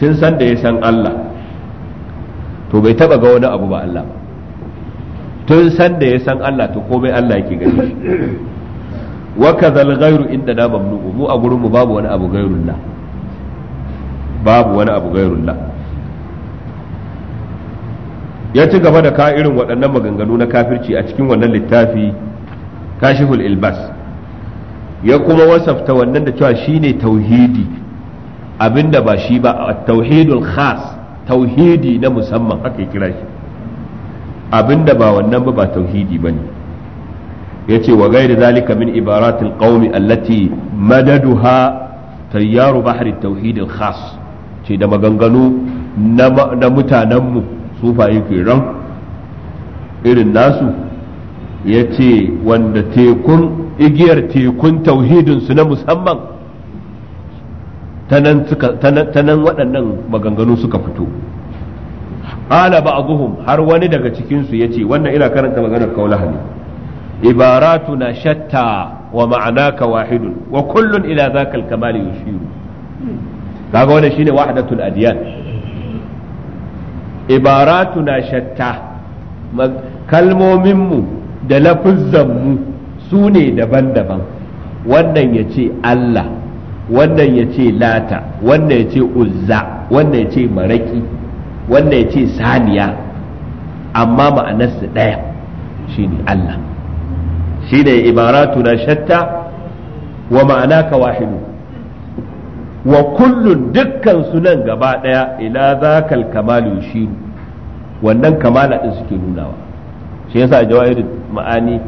تنسان da ya san Allah to bai taba ga wani abu ba Allah ba tun san ya san Allah to komai Allah yake gani wa kadhal ghairu inda na mamnu mu a gurin mu wani abu babu wani abu ya ci gaba da ka irin waɗannan maganganu na kafirci a cikin wannan littafi kashiful ilbas ya kuma wasafta wannan da cewa shine tauhidi abinda ba shi ba tauhidul khas tauhidi na musamman haka kira shi abinda ba wannan ba ba tauhidi bane yace wa gaida zalika min ibaratil qaumi allati madaduha tayyaru bahri tauhidil khas ce da maganganu na mutanenmu sufaye kiran irin nasu ya ce wanda tekun igiyar tekun tauhidinsu na musamman ta nan waɗannan maganganu suka fito ala ba'dhum har wani daga cikinsu ya ce wannan ina karanta maganar kaulaha ne na shatta wa ma'anaka wahidun wa kullun ila zakal kamali yushiru kaga wannan shine wahdatul adiyan na shatta kalmominmu da lafuzzanmu su ne daban-daban wannan ya ce Allah wannan ya ce lata wannan ya ce uzza wannan ya ce maraki wannan ya ce saniya amma ma'anarsu ɗaya shi ne Allah shi ne na shatta wa ma'ana ka wahidu wa kullun dukkan su nan gaba daya ila zakal kamalu yushiru wannan kamala din suke nunawa shi yasa jawahir ma'ani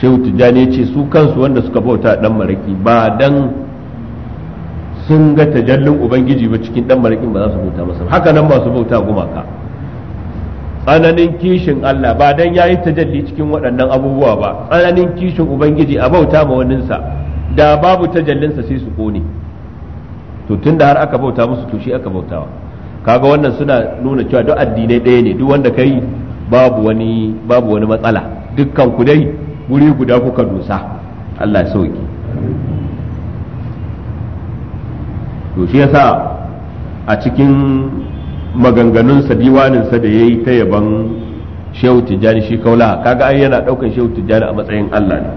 shehu tijani ya ce su kansu wanda suka bauta dan maraki ba dan sun ga tajallin ubangiji ba cikin dan marakin ba za su bauta masa haka nan ba su bauta gumaka tsananin kishin Allah ba dan yayi tajalli cikin waɗannan abubuwa ba tsananin kishin ubangiji a bauta ma waninsa da babu tajallinsa sai su kone to tunda har aka bauta musu to shi aka bautawa kaga wannan suna nuna cewa duk addinai ɗaya ne duk wanda kai babu wani babu wani matsala dukkan ku dai guri guda kuka dosa Allah ya sauki to shi yasa a cikin maganganun sa sa da yayi ta yaban Shehu Tijjani shi kaula kaga ai yana daukan Shehu Tijjani a matsayin Allah ne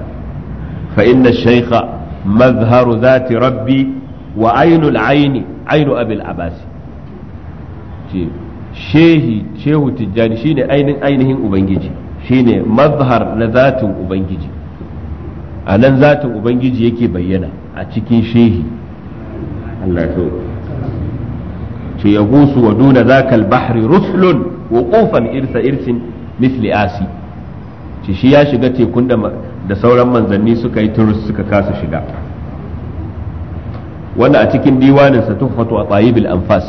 fa inna shaykha mazharu zati rabbi wa ainul aini ainu abil shehi shehu tijjani shine ainin ainihin ubangiji shine mazhar na zatin ubangiji a nan ubangiji yake bayyana a cikin shehi Allah ce ya gusu wa duna zakal bahri ruslun wa kofan irsa irsin misli asi ce shi ya shiga tekun da da sauran manzanni suka yi turus suka kasa shiga wanda a cikin diwanin sa tuhfatu atayibil anfas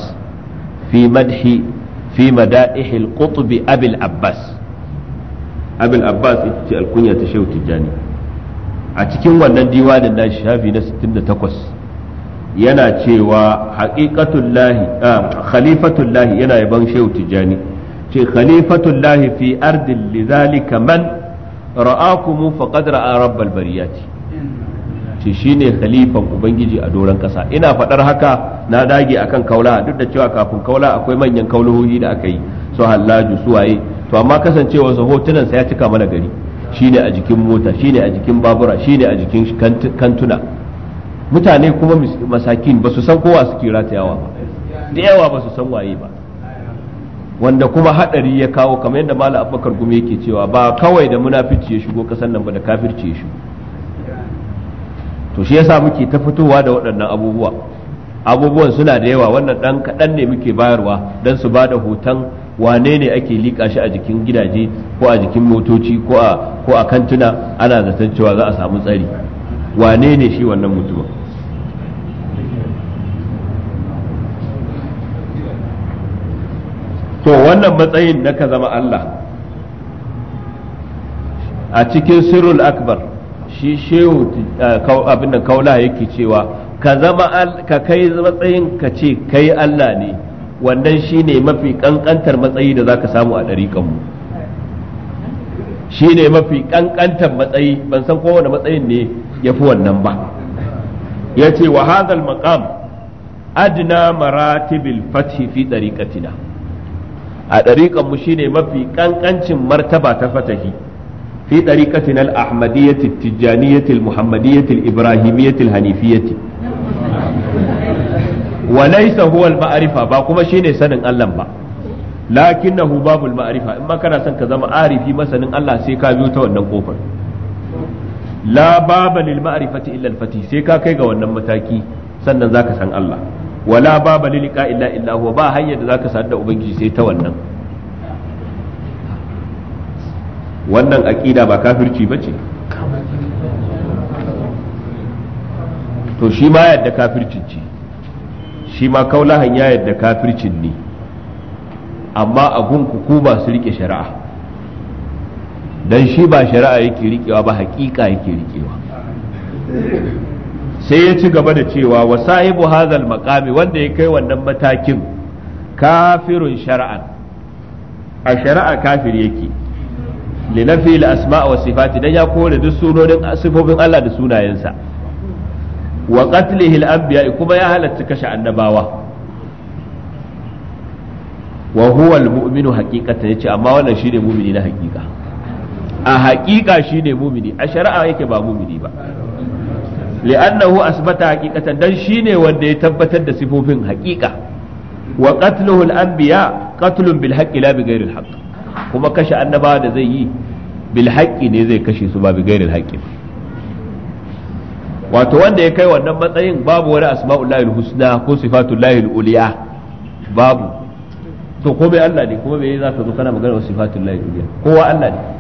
fi madhi fi madaihi al-qutb abil abbas abil abbas ita ce alkunya ta shehu tijjani a cikin wannan diwanin na shafi na 68 yana cewa haqiqatullahi ah, lahi yana yaban shehu tijjani ce lahi fi ardin lidhalika man ra'akumu faqad ra'a rabbal bariyati ce shine khalifan ubangiji a doron kasa ina fadar haka na dage akan kaula duk da cewa kafin kaula akwai manyan kaulohi da aka yi su hallaju su waye to amma kasancewar sa hotunan sa ya cika mana gari shine a jikin mota shine a jikin babura shine a jikin kantuna mutane kuma masakin ba su san kowa suke ratayawa ba da yawa ba su san waye ba wanda kuma hadari ya kawo kamar yadda malam abubakar gumi yake cewa ba kawai da munafici ya shigo kasan nan ba da kafirci ya shigo to shi yasa muke ta fitowa da waɗannan abubuwa abubuwan suna da yawa wannan dan kaɗan ne muke bayarwa don su ba da hoton wane ne ake liƙa shi a jikin gidaje ko a jikin motoci ko a kantuna ana zaton cewa za a samu tsari wane ne shi wannan mutumin to wannan matsayin na ka zama Allah a cikin sirrul akbar shi shehu eh, abin da kaula yake cewa ka zama ka kai matsayin ka ce kai Allah ne wannan shi ne mafi kankantar matsayi da za ka samu a ɗariƙanmu shi ne mafi kankantar matsayi ban san kowane matsayin ne ya fi wannan ba ya ce wa hadal maqam adna maratibil fathi fi ɗariƙatina a ɗariƙan mu shine mafi ƙanƙancin martaba ta fatahi fi ɗariƙatin al-ahmadiyyati tijjaniyyati al-muhammadiyyati al-ibrahimiyyati hanifiyyati wa laysa huwa al-ma'rifa ba kuma shine sanin Allah ba lakinnahu babul ma'rifa in ma kana son ka zama arifi masanin Allah sai ka biyo ta wannan kofar la baba lil ma'rifati illa al-fatih sai ka kai ga wannan mataki sannan zaka san Allah wala baba li illa illa huwa ba hanyar da zaka sadu da ubangiji sai ta wannan wannan aqida ba kafirci bace to shi ma yadda kafircin ce shi ma kaulahan ya yadda kafircin ne amma a gunku ku ba su rike shari'a dan shi ba shari'a yake rikewa ba haƙiƙa yake rikewa sai ya ci gaba da cewa wa sahibu hadhal maqami wanda ya kai wannan matakin kafirun shar'an a shari'a kafir yake al asma wa sifati dan ya kore duk sunonin sifofin Allah da sunayensa wa qatlihi al-anbiya kuma ya halatta kashe annabawa wa huwa al-mu'minu haqiqatan yace amma wannan shine mu'mini na haqiqa a haqiqa shine mu'mini a shari'a yake ba mu'mini ba li'annahu asbata haqiqatan dan shine wanda ya tabbatar da sifofin haqiqa wa qatluhu al-anbiya qatlun bil haqqi la bi ghairi al-haqq kuma kashe annaba da zai yi bil haqqi ne zai kashe su ba bi ghairi al-haqqi wato wanda ya kai wannan matsayin babu wani asma'ullahi al-husna ko sifatullahi al-uliya babu to ko bai Allah ne kuma bai za ka zo kana magana wa sifatullahi al-uliya kowa Allah ne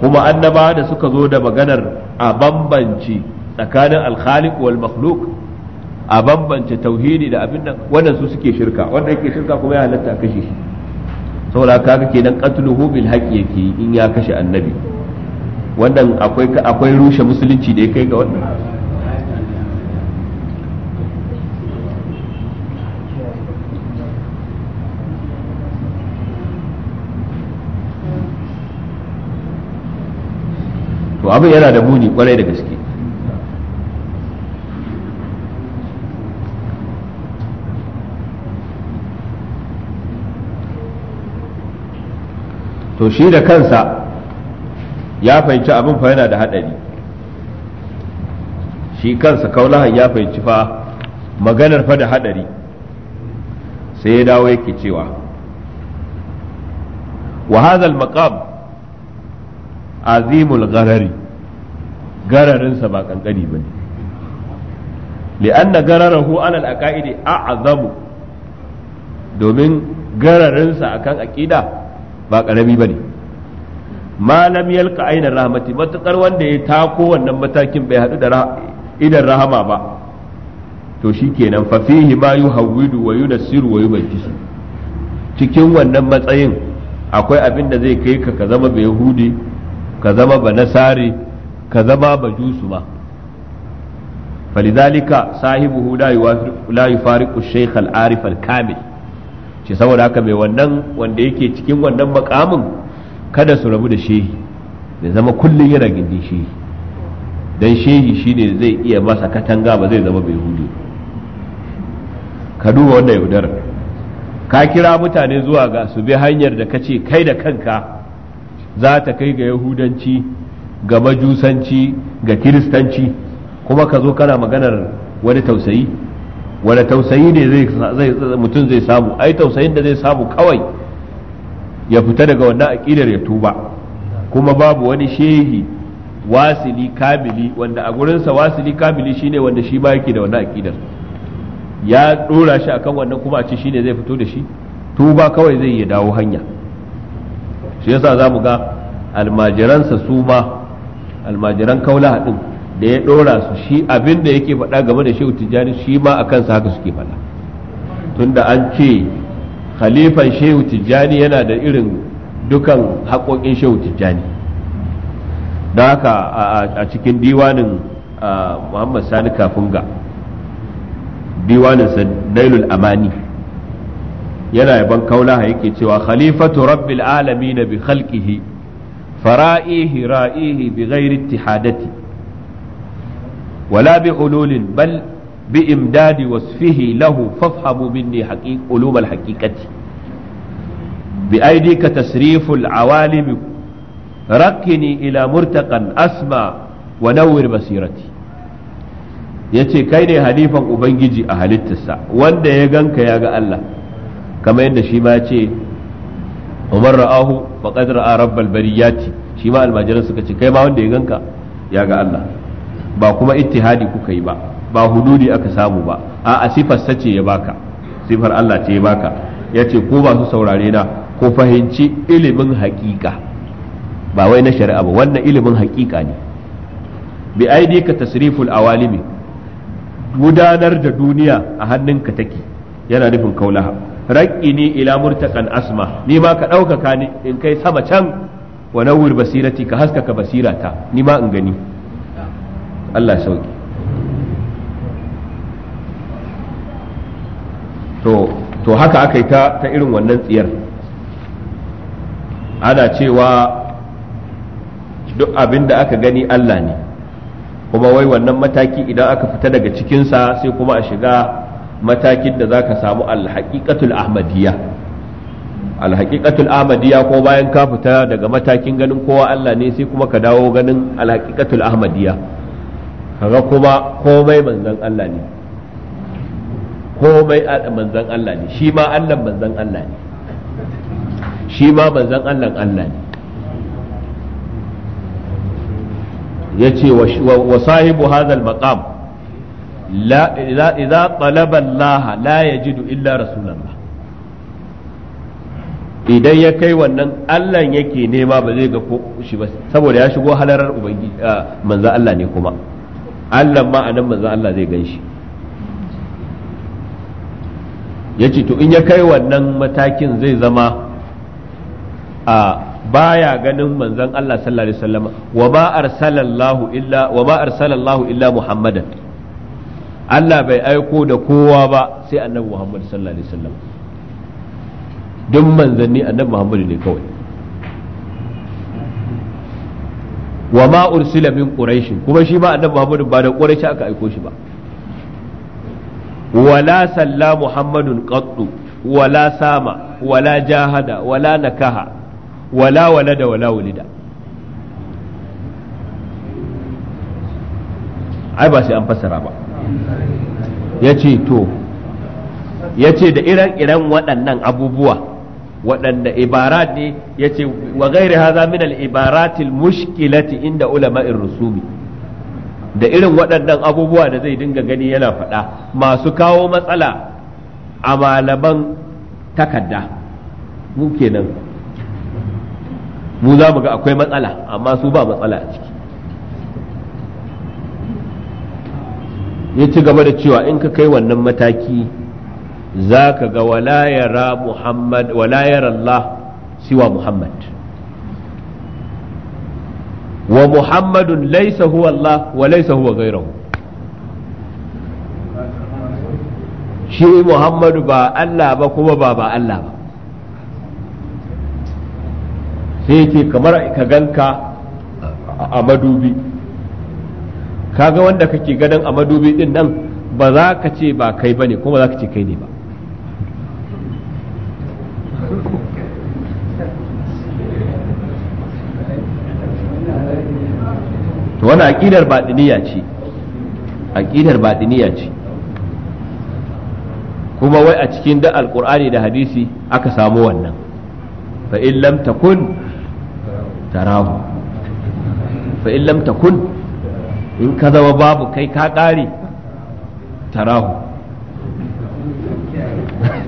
kuma annaba da suka zo da maganar a bambanci tsakanin alkhaliq wal makhluq a bambance tauhidi da abin nan wannan su suke shirka wanda yake shirka kuma ya halatta kashe shi saboda kaga kenan qatluhu bil haqqi yake in ya kashe annabi wannan akwai akwai rushe musulunci da ya kai ga wannan to abin yana da muni kwarai da gaske to shi da kansa ya fahimci abin fa yana da haɗari shi kansa kaulahan ya fahimci fa maganar fa da haɗari sai ya dawo yake cewa wa hadha al-maqam azimul gharari gararinsa ba kankani ba ne li'anna gararahu alal aqaidi a'zamu domin gararinsa akan aqida ba ƙarami ba ne malam yalka aina rahmati matukar wanda ya tako wannan matakin bai haɗu da idan rahama ba to shikenan fa fihi ma yuhawwidu wa yunassiru wa yubajjisu cikin wannan matsayin akwai abin da zai kai ka ka zama bai hudi ka zama ba nasare ka zama jusu ba sahibu صاحبه la يوافق shaykh al-arif al-kamil ce saboda haka mai wannan wanda yake cikin wannan makamin kada su rabu da shehi da zama kullum yana gindin shehi dan shehi shine zai iya masa katanga ba zai zama bai hudu ka duba wannan yaudar ka kira mutane zuwa ga su bi hanyar da kace kai da kanka za ta kai ga yahudanci ga majusanci ga kiristanci kuma ka zo kana maganar wani tausayi wani tausayi ne mutum zai samu ai tausayin da zai samu kawai ya fita daga wannan aƙidar ya tuba kuma babu wani shehi wasili kamili wanda a gurinsa wasili kamili shine wanda shi ba yake da wannan aƙidar ya dora shi akan wannan kuma a ci shine zai fito da shi tuba kawai zai ya dawo hanya shi yasa za mu ga almajiransa su ma almajiran kaula din da ya dora su shi abin da yake faɗa game da shehu tijjani shi ma a kansa haka suke faɗa tunda an ce khalifan shehu tijjani yana da irin dukan haƙoƙin shehu tijjani don haka a cikin diwanin muhammad sani kafunga diwaninsa dailul amani yana yaban kaula yake cewa khalifatu rabbil alamin bi khalqihi fara'ihi ra'ihi bi ghairi ittihadati wala bi hululin bal bi imdadi wasfihi lahu fafhamu minni haqiq ulum al haqiqati bi aidika tasriful awalim rakini ila murtaqan asma wa nawwir basirati yace kai ne halifan ubangiji a halittarsa wanda ya ganka ya ga Allah kamar yadda shi ma ce Umar man ra'ahu faqad ra'a rabbal bariyati shi ma almajiran suka ce kai ma wanda ya ganka ya ga Allah ba kuma ittihadi kuka yi ba ba hududi aka samu ba a sifar sace ya baka sifar Allah ce ya baka yace ko ba su saurare na ko fahimci ilimin haƙiƙa ba wai na shari'a ba wannan ilimin haƙiƙa ne bi aidi ka tasriful awalimi gudanar da duniya a hannunka take yana nufin kaulaha ni ila murtaqan asma ni ma ka ɗaukaka ni in kai sama can wa nawwir basirati ka haskaka basirata ni ma in gani Allah sauki to to haka aka yi ta ta irin wannan tsiyar ana cewa duk abin da aka gani Allah ne kuma wai wannan mataki idan aka fita daga cikinsa sai kuma a shiga matakin da zaka samu alhaqiqatul ahmadiyya alhaqiqatul ahmadiyya ko bayan ka fita daga matakin ganin kowa Allah ne sai kuma ka dawo ganin alhaqiqatul ahmadiyya kaga kuma komai manzon Allah ne komai manzon Allah ne shi ma Allah manzon Allah ne shi ma manzon Allah Allah ne yace wa sahibu hadha al la idza talaba Allah la yajidu illa rasulullah idan ya kai wannan Allah yake nema ba zai ga ko shi ba saboda ya shigo halarar ubangiji ah, manzo Allah ne kuma Allah ma anan manzo Allah zai gan shi yace to in ya kai wannan matakin zai zama a baya ganin manzon Allah sallallahu alaihi wasallam wa ma arsalallahu illa wa ma arsalallahu illa muhammadan Allah bai aiko da kowa ba sai annabi Muhammad sallallahu alaihi wasallam duk manzanni annabi Muhammad ne kawai wa ma ursila min quraish kuma shi ba annabi Muhammad ba da quraish aka aiko shi ba wala salla muhammadun qattu wala sama wala jahada wala nakaha wala walada wala wulida ai ba sai an fassara ba ya ce to ya ce da iran-iran waɗannan abubuwa waɗanda ibarat ne ya ce wa gairi haza min al-ibaratil mushkilati inda ulama'in rusumi da irin waɗannan abubuwa da zai dinga gani yana faɗa masu kawo matsala a malaman takarda mu kenan mu za mu ga akwai matsala amma su ba matsala a ciki ya ci gaba da cewa in ka kai wannan mataki za ka ga walayara muhammad walayar Allah siwa muhammad wa muhammadun laisa huwa Allah wa laisa huwa gairahu shi muhammadu ba Allah ba kuma ba ba Allah ba sai yake kamar ka ganka a madubi kaga wanda kake gadan a madubi din nan ba za ka ce ba kai bane kuma za ka ce kai ne ba to wannan aqidar batiniya ce aqidar batiniya ce kuma wai a cikin da alqur'ani da hadisi aka samu wannan fa in lam takun tarahu fa in lam takun in ka zama babu kai ka ƙare tarahu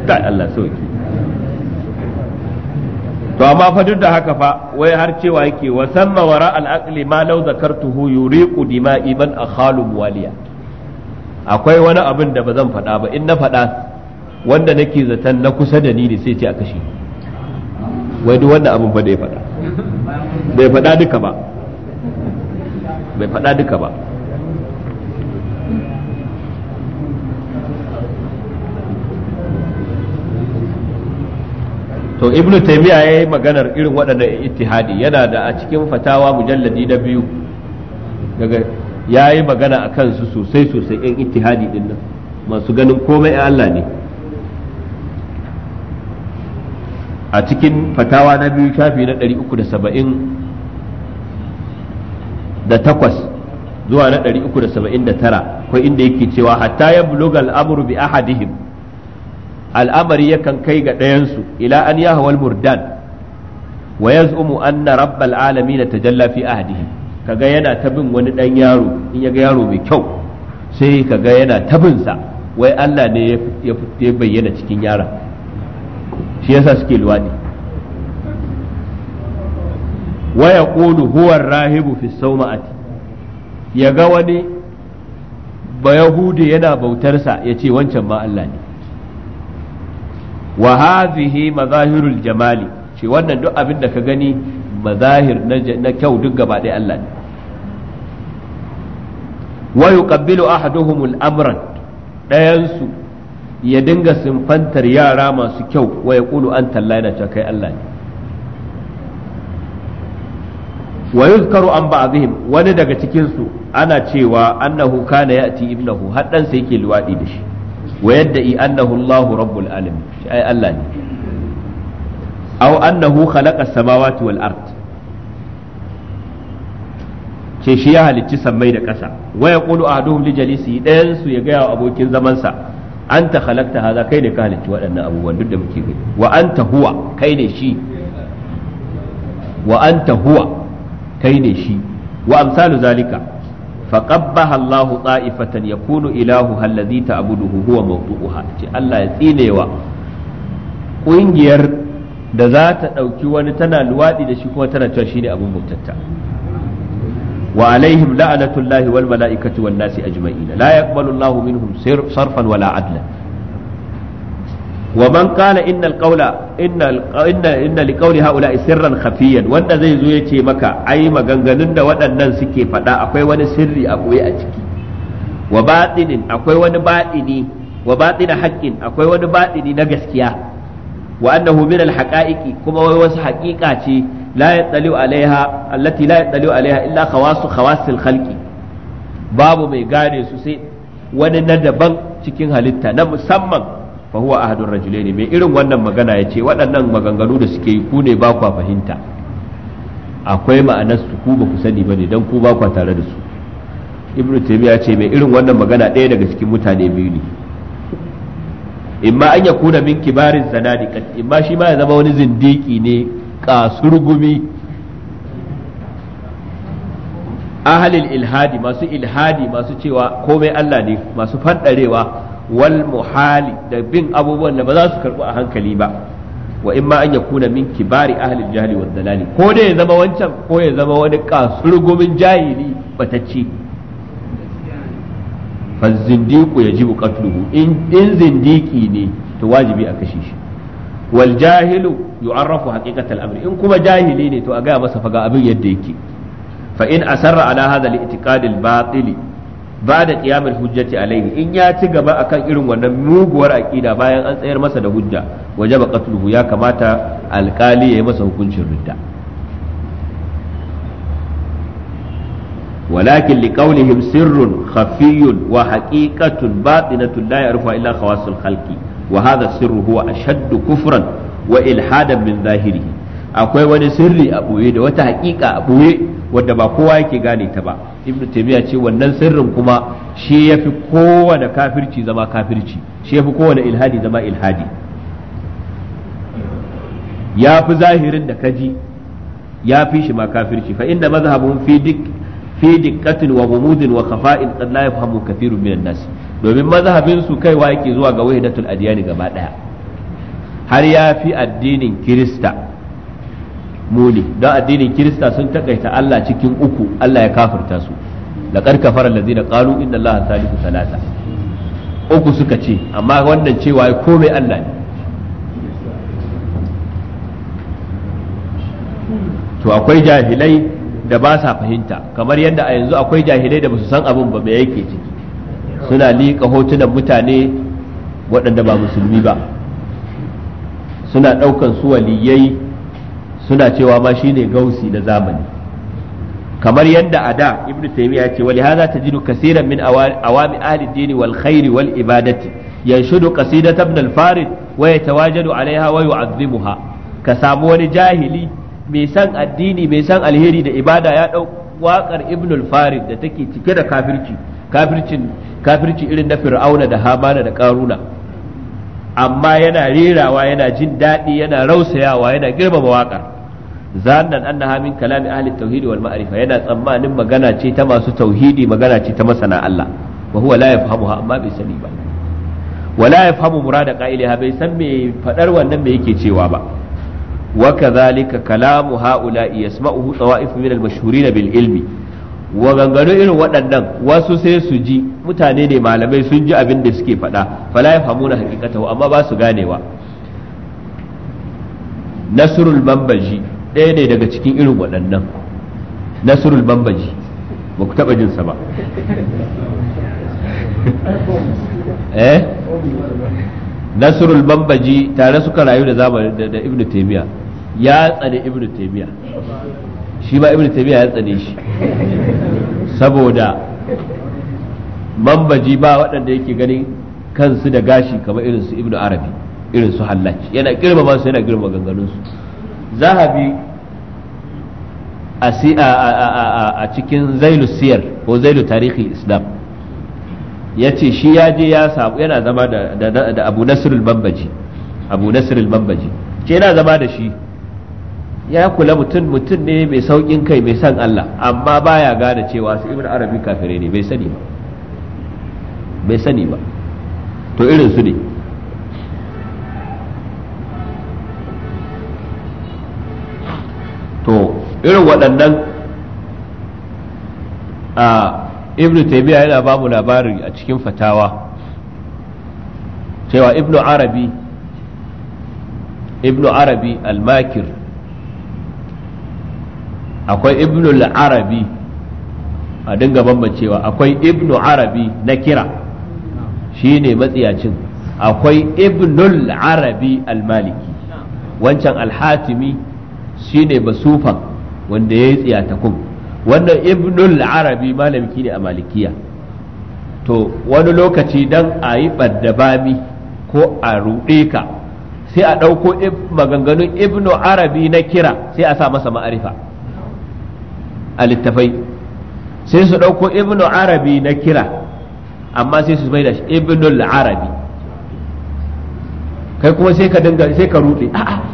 ta Allah sauki to amma fa duk da haka fa wai har cewa yake wa sanna wara al-aqli ma law zakartuhu yuriqu dima'i man akhalu waliya akwai wani abin da ba zan faɗa ba in na faɗa wanda nake zaton na kusa da ni ne sai ce a kashe wai duk wanda abin ba da ya faɗa bai faɗa duka ba bai faɗa duka ba to ibnu taymiya ya yi maganar irin waɗannan ittihadi yana da a cikin fatawa mujalladi na biyu daga ya yi magana a kansu sosai sosai yan ittihadi din nan masu ganin komai Allah ne a cikin fatawa na biyu shafi na 370 da takwas zuwa na ɗari uku da saba'in da tara akwai inda yake cewa hatta ya buluga al'amuru bi ahadihim al'amari yakan kai ga ɗayansu ila an ya hawal murdan wa an na rabbal alami na tajalla fi ahadihim kaga yana ta bin wani ɗan yaro in ya ga yaro mai kyau sai kaga yana ta bin wai Allah ne ya bayyana cikin yaron shi yasa suke luwaɗi waya kulu huwar rahibu fi sawma'ati ya ga wani ba yahudi yana bautarsa ya ce wancan ma Allah ne wa hadhihi mazahirul jamali ce wannan duk abin da ka gani mazahir na kyau duk gaba ɗaya Allah ne wa yuqabbilu ahaduhum al dayansu ya dinga simfantar yara masu kyau wa yaqulu anta Allah yana cewa kai Allah ne wa yuzkaru an ba'dihim wani daga cikin su ana cewa annahu kana ya'ti ibnahu haddan sa yake luwadi da shi wa yadda'i annahu Allahu rabbul alamin shi ai Allah ne aw annahu khalaqa as-samawati wal ard ce shi ya halicci sammai da ƙasa wa yaqulu ahaduhum li jalisi dayan su ya ga abokin zaman sa anta khalaqta hadha kai ne ka halicci waɗannan abubuwan duk da muke gani wa anta huwa kai ne shi wa anta huwa kai ne shi wa amsalu zalika faqabbaha Allah ta'ifatan yakunu ilahu allazi ta'buduhu huwa mawdu'uha ce Allah ya tsinewa kungiyar da za ta ɗauki wani tana luwaɗi da shi kuma tana cewa shine abin bautatta wa alaihim la'anatullahi wal mala'ikati wan nasi ajma'in la yaqbalu Allahu minhum sarfan wala adlan wa man qala innal qawla inna inna liqawli sirran khafiyan wanda zai zo ce maka ai maganganun da waɗannan suke faɗa akwai wani sirri a a ciki wa akwai wani batini wa batina haqqin akwai wani batini na gaskiya wa annahu min al kuma wai wasu haqiqa ce la yattali'u alaiha allati la illa khawasu khawasil khalqi babu mai gane su wani na daban cikin halitta na musamman fa huwa ahadur ne mai irin wannan magana yace waɗannan maganganu da suke yi ku ne ba kwa fahimta akwai ma'anar su ku ba ku sani bane dan ku ba kwa tare da su ibnu taymiya ce mai irin wannan magana ɗaya daga cikin mutane biyu ne imma an yakuna min kibarin in imma shi ma ya zama wani zindiki ne kasurgumi ahalil ilhadi masu ilhadi masu cewa komai Allah ne masu fanɗarewa. wal muhali da bin abubuwan da ba za su karɓi a hankali ba wa in ma an yakuna min kibari ahli jahli wad dalali ko da ya zama wancan ko ya zama wani kasurgumin jahili batacci fa zindiqu yajibu qatluhu in in zindiki ne to wajibi a kashe shi wal jahilu yu'arrafu haqiqatal amri in kuma jahili ne to a gaya masa faga abin yadda yake fa in a sarra hadha al-i'tiqad al ba da qiyamul hujjati alaihi in ya ci gaba a kan irin wannan muguwar aqida bayan an tsayar masa da hujja wajaba qatluhu ya kamata alkali ya yi masa hukuncin ridda ولكن لقولهم سر خفي وحقيقة باطنة لا يعرفها إلا خواص الخلق وهذا السر هو wa كفرا وإلحادا من ظاهره akwai wani sirri a ɓoye da wata haƙiƙa a ɓoye wadda ba kowa yake gane ta ba ibnu taymiya ce wannan sirrin kuma shi yafi kowane kafirci zama kafirci shi yafi kowane ilhadi zama ilhadi ya fi zahirin da kaji ya fi shi ma kafirci fa inda mazhabun fi dik fi diqqatin wa gumudin wa khafa'in qad la yafhamu kathirun minan nas domin mazhabin su kaiwa yake zuwa ga wahidatul adiyani gaba daya har ya fi addinin kirista muni don addinin kirista sun takaita Allah cikin uku Allah ya kafirta su laqad kafara allazina qalu inna allaha thalithu thalatha uku suka ce amma wannan cewa komai Allah ne to akwai jahilai da ba sa fahimta kamar yadda a yanzu akwai jahilai da ba su san abin ba me yake ciki suna liƙa hotunan mutane waɗanda ba musulmi ba suna ɗaukan su waliyai suna cewa ma ne gausi na zamani kamar yadda a da ibnu taymiya ce wali hadha tajidu kaseeran min awami ahli dini wal khairi wal ibadati yanshudu qasidat ibn al farid wa yatawajadu alaiha wa yu'azzimuha ka samu wani jahili mai san addini mai san alheri da ibada ya dau waƙar ibn al farid da take cike da kafirci kafircin kafirci irin na fir'auna da habana da karuna amma yana rerawa yana jin daɗi yana rausayawa yana girmama waƙar zannan annahamin min kalami ahli tauhidi wal ma'rifa yana tsammanin magana ce ta masu tauhidi magana ce ta masana Allah wa huwa la yafhamuha amma bai sani ba wala yafhamu murada qa'iliha bai san me fadar wannan me yake cewa ba wa kadhalika kalamu ha'ula yasma'uhu tawa'if min al-mashhurin bil ilmi gangaro irin waɗannan wasu sai su ji mutane ne malamai sun ji abin da suke faɗa fala ya famu na hakikatahu amma ba su ganewa nasrul bambaji ɗaya ne daga cikin irin waɗannan nasrul bambaji ba ku taɓa jinsa ba eh nasrul bambaji tare suka rayu da zamanin da ibnu taymiya ya tsare ibnu taymiya shi ba ibn tabiya ya tsane shi saboda mambaji ba waɗanda yake ganin kansu da gashi kamar irin su ibn arabi irin su hallaci yana girmama su yana girma ganganun su zahabi a cikin zailu siyar ko zailu tarihi islam ya ce shi ya je ya samu yana zama da abu nasirul mambaji abu nasirul mambaji ce yana zama da shi ya kula mutum mutum ne mai saukin kai mai san Allah amma baya gane cewa su ibn arabi kafire ne bai sani ba bai sani ba to irin su ne to irin waɗannan a ibn taymiya yana ba mu labari a cikin fatawa cewa ibn arabi ibn arabi al-makir akwai ibnul arabi a dinga bambancewa akwai ibnu arabi na kira shine matsiyacin akwai ibnul arabi almaliki wancan alhatimi shine basufan wanda ya yi tsiyatakun wannan ibnu arabi malamki ne a malikiya to wani lokaci dan a yi bami ko a ruɗe ka sai a ɗauko maganganun ibnu arabi na kira sai a sa masa ma'arifa a littafai sai su ɗauko ibnu arabi na kira amma sai su bai da shi ibnu arabi kai kuma sai ka dinga sai ka rude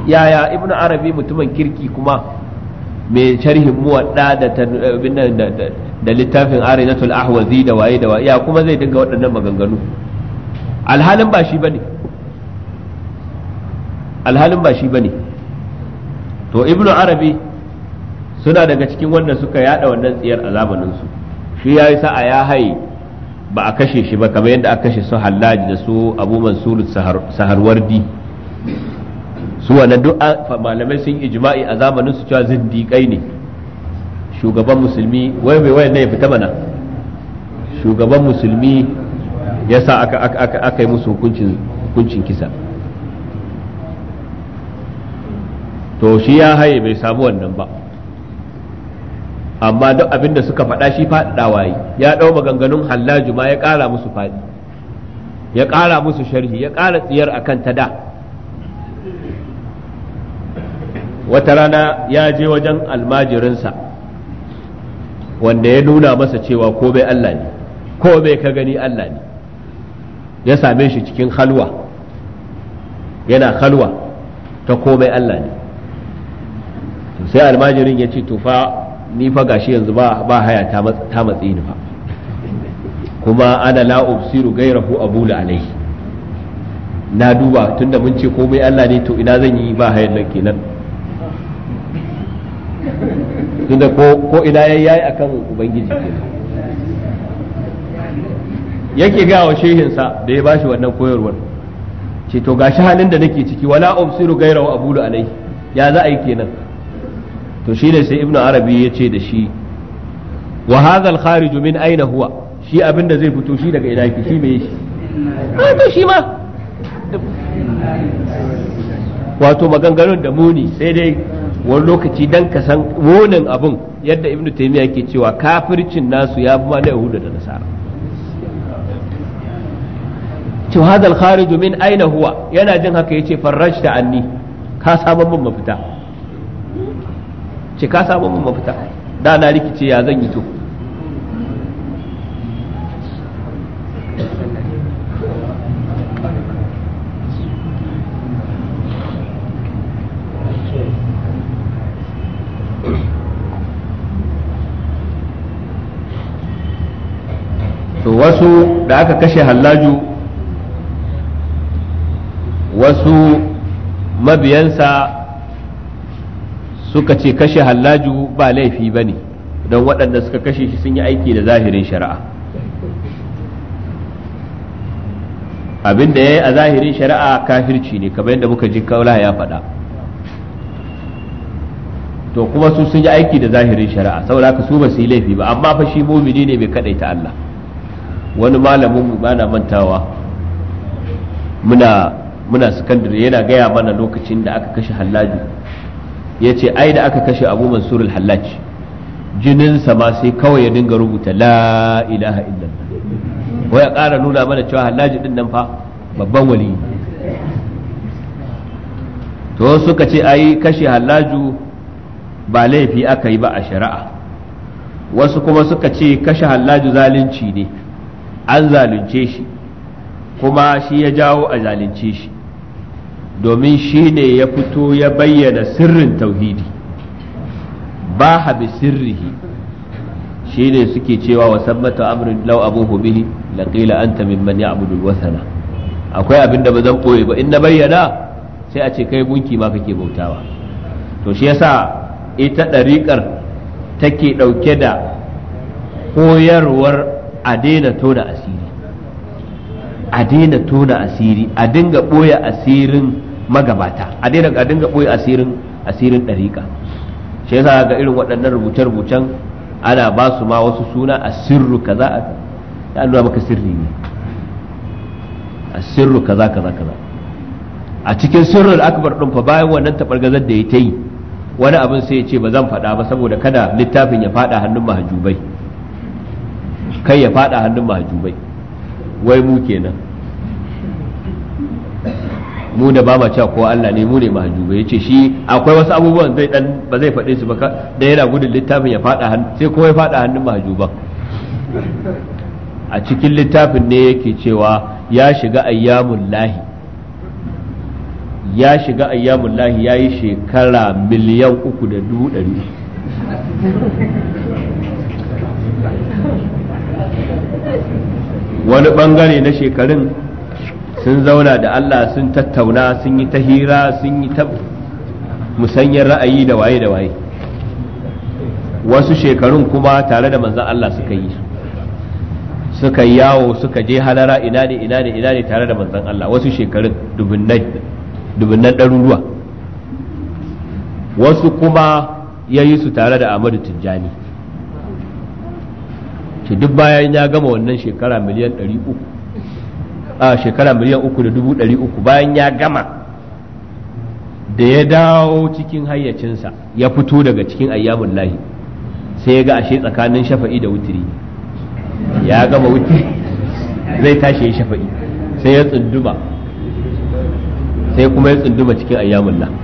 yaya ibnu arabi mutumin kirki kuma mai sharhin muwa da da littafin arinatul ahwazi da waye da waye ya kuma zai dinga waɗannan maganganu alhalin ba shi bane alhalin ba shi bane to ibnu arabi suna daga cikin wanda suka yada wannan tsiyar a zamanin su shi yayi sa'a ya haye ba a kashe shi ba kamar yadda aka kashe su hallaji da su abu mansur saharwardi su wannan duk malamai sun ijma'i a zamanin su cewa zindiƙai ne shugaban musulmi wai mai wayan ne ya fita mana shugaban musulmi ya sa aka yi musu hukuncin kisa to shi ya haye bai samu wannan ba amma duk abin da suka faɗa shi faɗawa waye ya ɗau maganganun hallaju ma ya ƙara musu faɗi ya ƙara musu sharhi ya ƙara tsiyar a kan ta da wata rana ya je wajen almajirinsa wanda ya nuna masa cewa ko bai Allah ne ko bai ka gani Allah ne ya same shi cikin halwa yana halwa ta ko bai Allah ne sai almajirin ya ce tufa ni fa gashi yanzu ba ba haya ta matsi ni fa kuma ana la ubsiru gairahu abula alai na duba tunda mun ce komai Allah ne to ina zan yi ba hayan nan kenan tunda ko ko ina yayi akan ubangiji kenan yake ga wa shehinsa da ya bashi wannan koyarwar ce to gashi halin da nake ciki wala ubsiru gairahu abula alai ya za a yi kenan to shi ne sai ibnu arabi ya ce da shi wa hadha al-kharij min aina huwa shi abinda zai fito shi daga ina yake shi me shi ah, to shi ma wato maganganun da muni sai dai wani lokaci dan ka san wonin abun yadda ibnu taymiya yake cewa kafircin nasu ya ma na yahuda da nasara to hadha al-kharij min aina huwa yana jin haka yace farrajta anni ka samu mun mafita ce ka samu mun mafita da na rikice ya zan yi to wasu da aka kashe hallaju wasu mabiyansa suka ce kashe hallaju ba laifi ba ne don waɗanda suka kashe shi sun yi aiki da zahirin shari'a abinda ya yi a zahirin shari'a kafirci ne kamar yadda muka ji kaula ya faɗa to kuma su sun yi aiki da zahirin shari'a saboda haka su ba su yi laifi ba amma fa shi mumini ne mai ta Allah wani malamin mu bana mantawa muna muna sakandare yana gaya mana lokacin da aka kashe hallaju ya ce ai da aka kashe abu mansur al-hallaj jininsa ma sai kawai ya dinga rubuta la ilaha illallah wai ya ƙara nuna mana cewa hallaj din nan fa babban wali to suka ce ai kashe hallaju ba laifi aka yi ba a shari'a wasu kuma suka ce kashe hallaju zalunci ne an zalunce shi kuma shi ya jawo a zalunce shi domin shi ne ya fito ya bayyana sirrin tauhidi ba habi sirrihi shi ne suke cewa wa sammata amrin lau abuhu bihi laqila anta mimman ya'budu alwathana akwai abin da ba zan koye ba in na bayyana sai a ce kai gunki ma kake bautawa to shi yasa ita ɗariƙar take ɗauke da koyarwar a daina tona asiri a daina tona asiri a dinga ɓoya asirin magabata a daina a dinga boye asirin asirin dariƙa shi yasa ga irin waɗannan rubuce-rubucen ana ba su ma wasu suna asirru kaza a ya nuna maka sirri ne asirru kaza kaza kaza a cikin sirrul akbar din fa bayan wannan tabargazar da ya ta yi wani abin sai ya ce ba zan faɗa ba saboda kada littafin ya faɗa hannun mahajubai kai ya faɗa hannun mahajubai wai mu kenan mu da ba ma cewa ko Allah ne mu ne mahjuba yace shi akwai wasu abubuwan zai dan ba zai faɗe su ba da yana gudun littafin ya faɗa hannu sai kuma ya faɗa hannun mahjuba a cikin littafin ne yake cewa ya shiga ayyamun lahi ya shiga ayyamun lahi ya shekara miliyan uku da dubu ɗari wani ɓangare na shekarun sun zauna da Allah sun tattauna sun yi ta hira sun yi ta musanyar ra'ayi da waye da waye wasu shekarun kuma tare da manzan Allah suka yi suka yawo suka je halara ina ne ina ne ina ne tare da manzan Allah wasu shekarun dubunnan ɗaruruwa wasu kuma ya yi su tare da Amadu Tijjani duk bayan ya gama wannan shekara miliyan ɗari uku. A shekara miliyan uku da dubu ɗari uku bayan ya gama da ya dawo cikin hayyacinsa ya fito daga cikin ayyamun lahi sai ya ga ashe tsakanin shafa'i da wutiri ya gama wutiri zai tashi ya shafa'i sai ya tsunduma sai kuma ya tsunduma cikin ayyamun lahi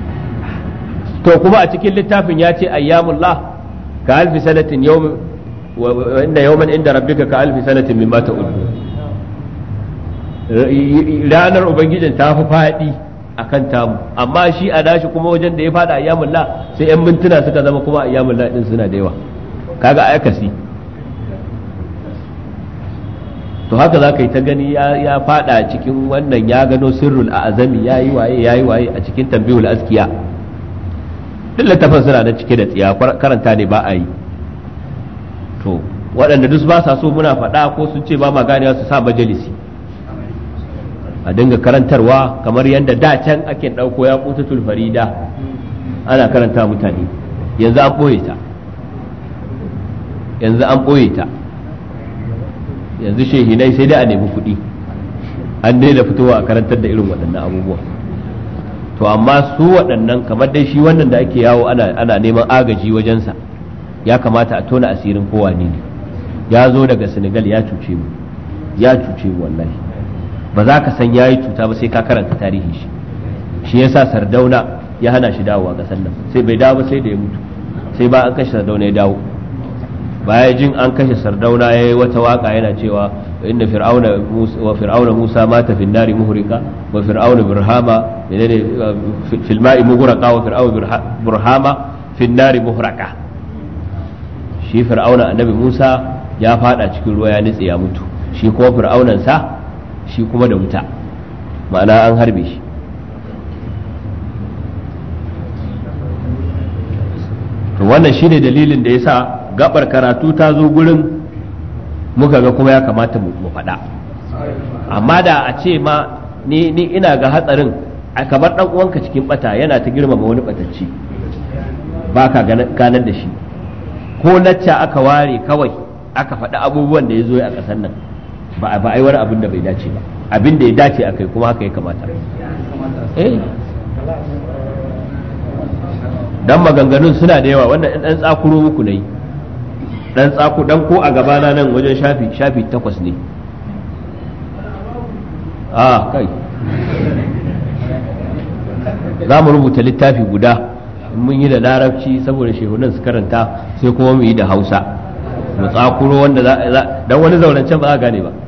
to kuma a cikin littafin ya ce ayyamun lahi ka alfi sanatin yau inda man inda rabbika ka alfi sanatin mimma ta'udu ranar ubangijin ta fi faɗi kan tamu amma shi a dashi kuma wajen da ya faɗa ayyamul la sai yan mintuna suka zama kuma ayyamul la din suna da yawa kaga ayakasi to haka za ka yi ta gani ya faɗa cikin wannan ya gano sirrul a azami ya yi waye ya yi waye a cikin tambihul askiya duk littafin suna na cike da tsiya karanta ne ba a yi to waɗanda duk ba sa so muna faɗa ko sun ce ba ma ganewa su sa majalisi a dinga karantarwa kamar yadda da can ake ɗauko ya kutatul farida ana karanta mutane yanzu an ɓoye ta yanzu an ɓoye ta yanzu shehinai sai dai a nemi kuɗi an daina fitowa a karantar da irin waɗannan abubuwa to amma su waɗannan kamar dai shi wannan da ake yawo ana neman agaji wajensa ya kamata a tona asirin kowa ne ya zo daga senegal ya cuce mu ya cuce mu wallahi ba za ka san yayi cuta ba sai ka karanta tarihin shi shi yasa sardauna ya hana shi dawowa kasar nan sai bai dawo ba sai da ya mutu sai ba an kashe sardauna ya dawo baya jin an kashe sardauna ya yi wata waka yana cewa inda fir'auna wa fir'auna musa mata fi nari muhrika wa fir'auna burhama menene fil ma'i mughraqa wa fir'auna burhama fi nari muhraqa shi fir'auna annabi musa ya fada cikin ruwa ya nitse ya mutu shi kuma fir'aunan sa shi kuma da wuta ma'ana an harbe shi wannan shi shine dalilin da ya sa gabar karatu ta zo gurin muka ga kuma ya kamata mu faɗa amma da a ce ma ni ina ga hatsarin a kamar ɗan uwanka cikin bata yana ta girmama wani ɓatacci ba ka ganar da shi ko lacca aka ware kawai aka faɗi abubuwan da ya zo a ƙasar nan ba a wani abin da bai dace ba abin da ya dace a kai kuma haka ya kamata eh. dan maganganun suna da yawa wannan dan tsakuro muku ne dan tsaku dan ko a gabana nan wajen shafi shafi takwas ne ah kai za mu rubuta littafi guda mun yi da larabci saboda shehunan su karanta sai kuma mu yi da hausa mu tsakuro wanda za dan wani can ba a gane ba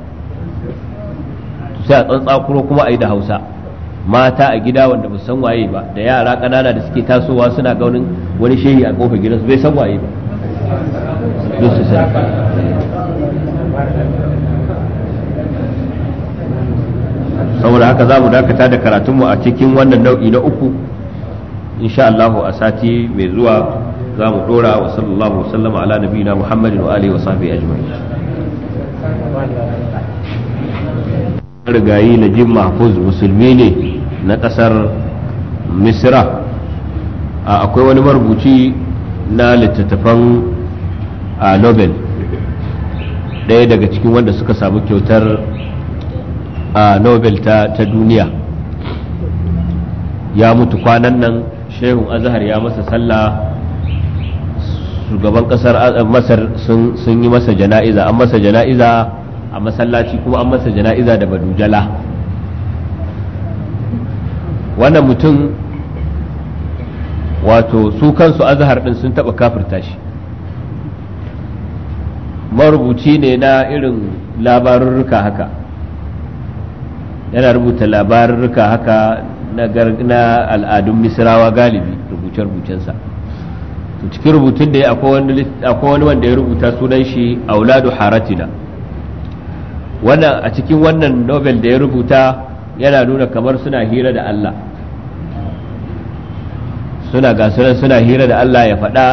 sai a tsantsakuro kuma a yi da hausa mata a gida wanda ba san waye ba da yara kanana da suke tasowa suna gaunin wani shehi a kofar su bai san waye ba saboda haka za mu dakata da karatunmu a cikin wannan nau'i na uku insha Allah a sati mai zuwa za mu dora wa sallallahu wasallama ala nabiyina muhammadin wa alihi wa sahbihi ajma'in na jin mahfuz musulmi ne na ƙasar misra akwai wani marubuci na littattafan a nobel ɗaya daga cikin wanda suka samu kyautar a nobel ta, ta duniya ya mutu kwanan nan shehun azhar ya masa sallah shugaban kasar masar sun yi masa jana'iza an masa jana'iza a masallaci kuma an masa jana'iza da badujala wannan mutum wato su kansu azhar din sun taɓa kafirta shi marubuci ne na irin labarurruka haka yana rubuta labarurruka haka na al'adun misirawa galibi rubuce-rubucensa cikin rubutun da ya akwai wani wanda ya rubuta sunan shi auladu haratina wannan a cikin wannan nobel da ya rubuta yana nuna kamar suna hira da Allah suna gasunan suna hira da Allah ya faɗa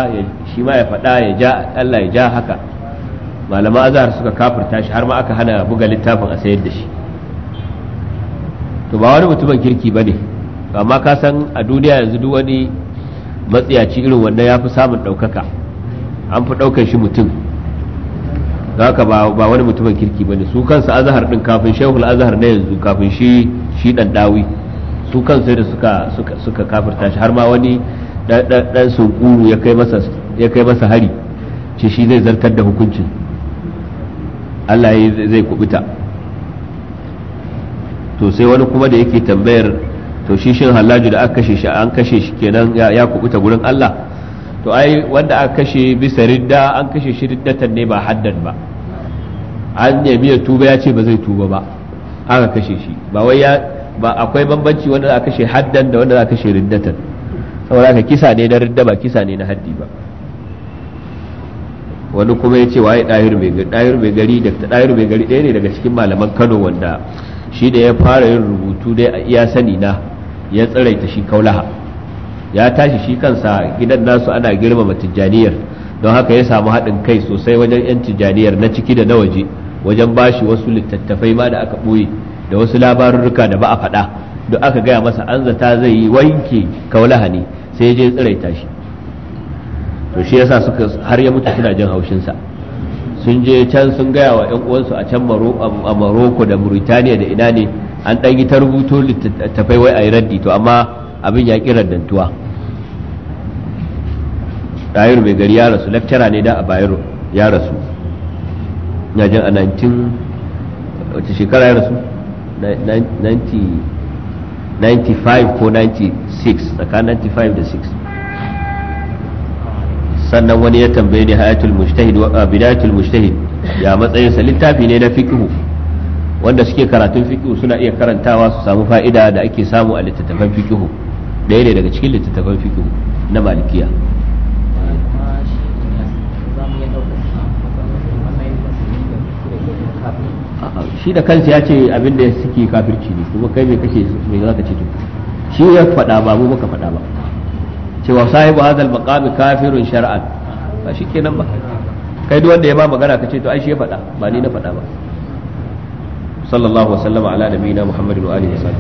shi ma ya faɗa ya ja Allah ya ja haka malama azhar suka kafirta shi har ma aka hana buga littafin a sayar da shi to ba wani mutumin kirki ba ne amma ka san a duniya yanzu duk wani matsiyaci irin wanda ya fi samun ɗaukaka an fi ɗaukar shi mutum da haka ba wani mutumin kirki bane su kansu azahar din kafin shehul azahar na yanzu kafin shi shi dan dawi su kansu da suka suka kafirta shi har ma wani dan sunkuru ya kai masa ya kai masa hari ce shi zai zartar da hukuncin Allah zai kubuta to sai wani kuma da yake tambayar to shi shin da aka kashe shi an kashe shi kenan ya kubuta gurin Allah to ai wanda aka kashe bisa ridda an kashe shi riddatan ne ba haddan ba an nemi ya tuba ya ce ba zai tuba ba aka kashe shi ba wai ya ba akwai bambanci wanda za a kashe haddan da wanda za a kashe riddatan saboda haka kisa ne na ridda ba kisa ne na haddi ba wani kuma ya ce wa ya yi ɗahir mai gari da ɗahir mai gari ɗaya ne daga cikin malaman Kano wanda shi da ya fara yin rubutu dai a iya sani na ya tsiraita shi kaulaha ya tashi shi kansa gidan nasu ana girmama tijjaniyar don haka ya samu haɗin kai sosai wajen 'yan tijjaniyar na ciki da na waje wajen bashi wasu littattafai ma da aka ɓoye da wasu labarurruka da ba a faɗa duk aka gaya masa an zata zai yi wanke kaulaha ne sai ya je tsiraita shi to shi yasa suka har ya mutu suna jin haushinsa sun je can sun gaya wa 'yan uwansu a can a maroko da muritaniya da ina ne an ɗan yi ta rubuto littattafai wai a yi raddi to amma abin ya ƙi raddantuwa ɗayar mai gari ya rasu lecturer ne da a bayero ya rasu na jin a 19 wace shekara ya rasu 95 ko 96 tsakanin 95 da 6 sannan wani ya tambaye ni hayatul mujtahid wa bidayatul mujtahid ya matsayin sa littafi ne na fiqhu wanda suke karatun fiqhu suna iya karantawa su samu fa'ida da ake samu a littattafan fiqhu ɗaya ne daga cikin littattafan fiqhu na malikiya shi da kansa ya ce abin da suke kafirci ne kuma kai mai kake mai za ka ce tu shi ya faɗa ba mu maka faɗa ba cewa sahibu hadal maqami kafirun shar'an ba shi kenan ba kai duk wanda ya ba magana ka ce to ai shi ya faɗa ba ni na faɗa ba sallallahu alaihi wa sallam ala nabiyina muhammadin wa alihi wa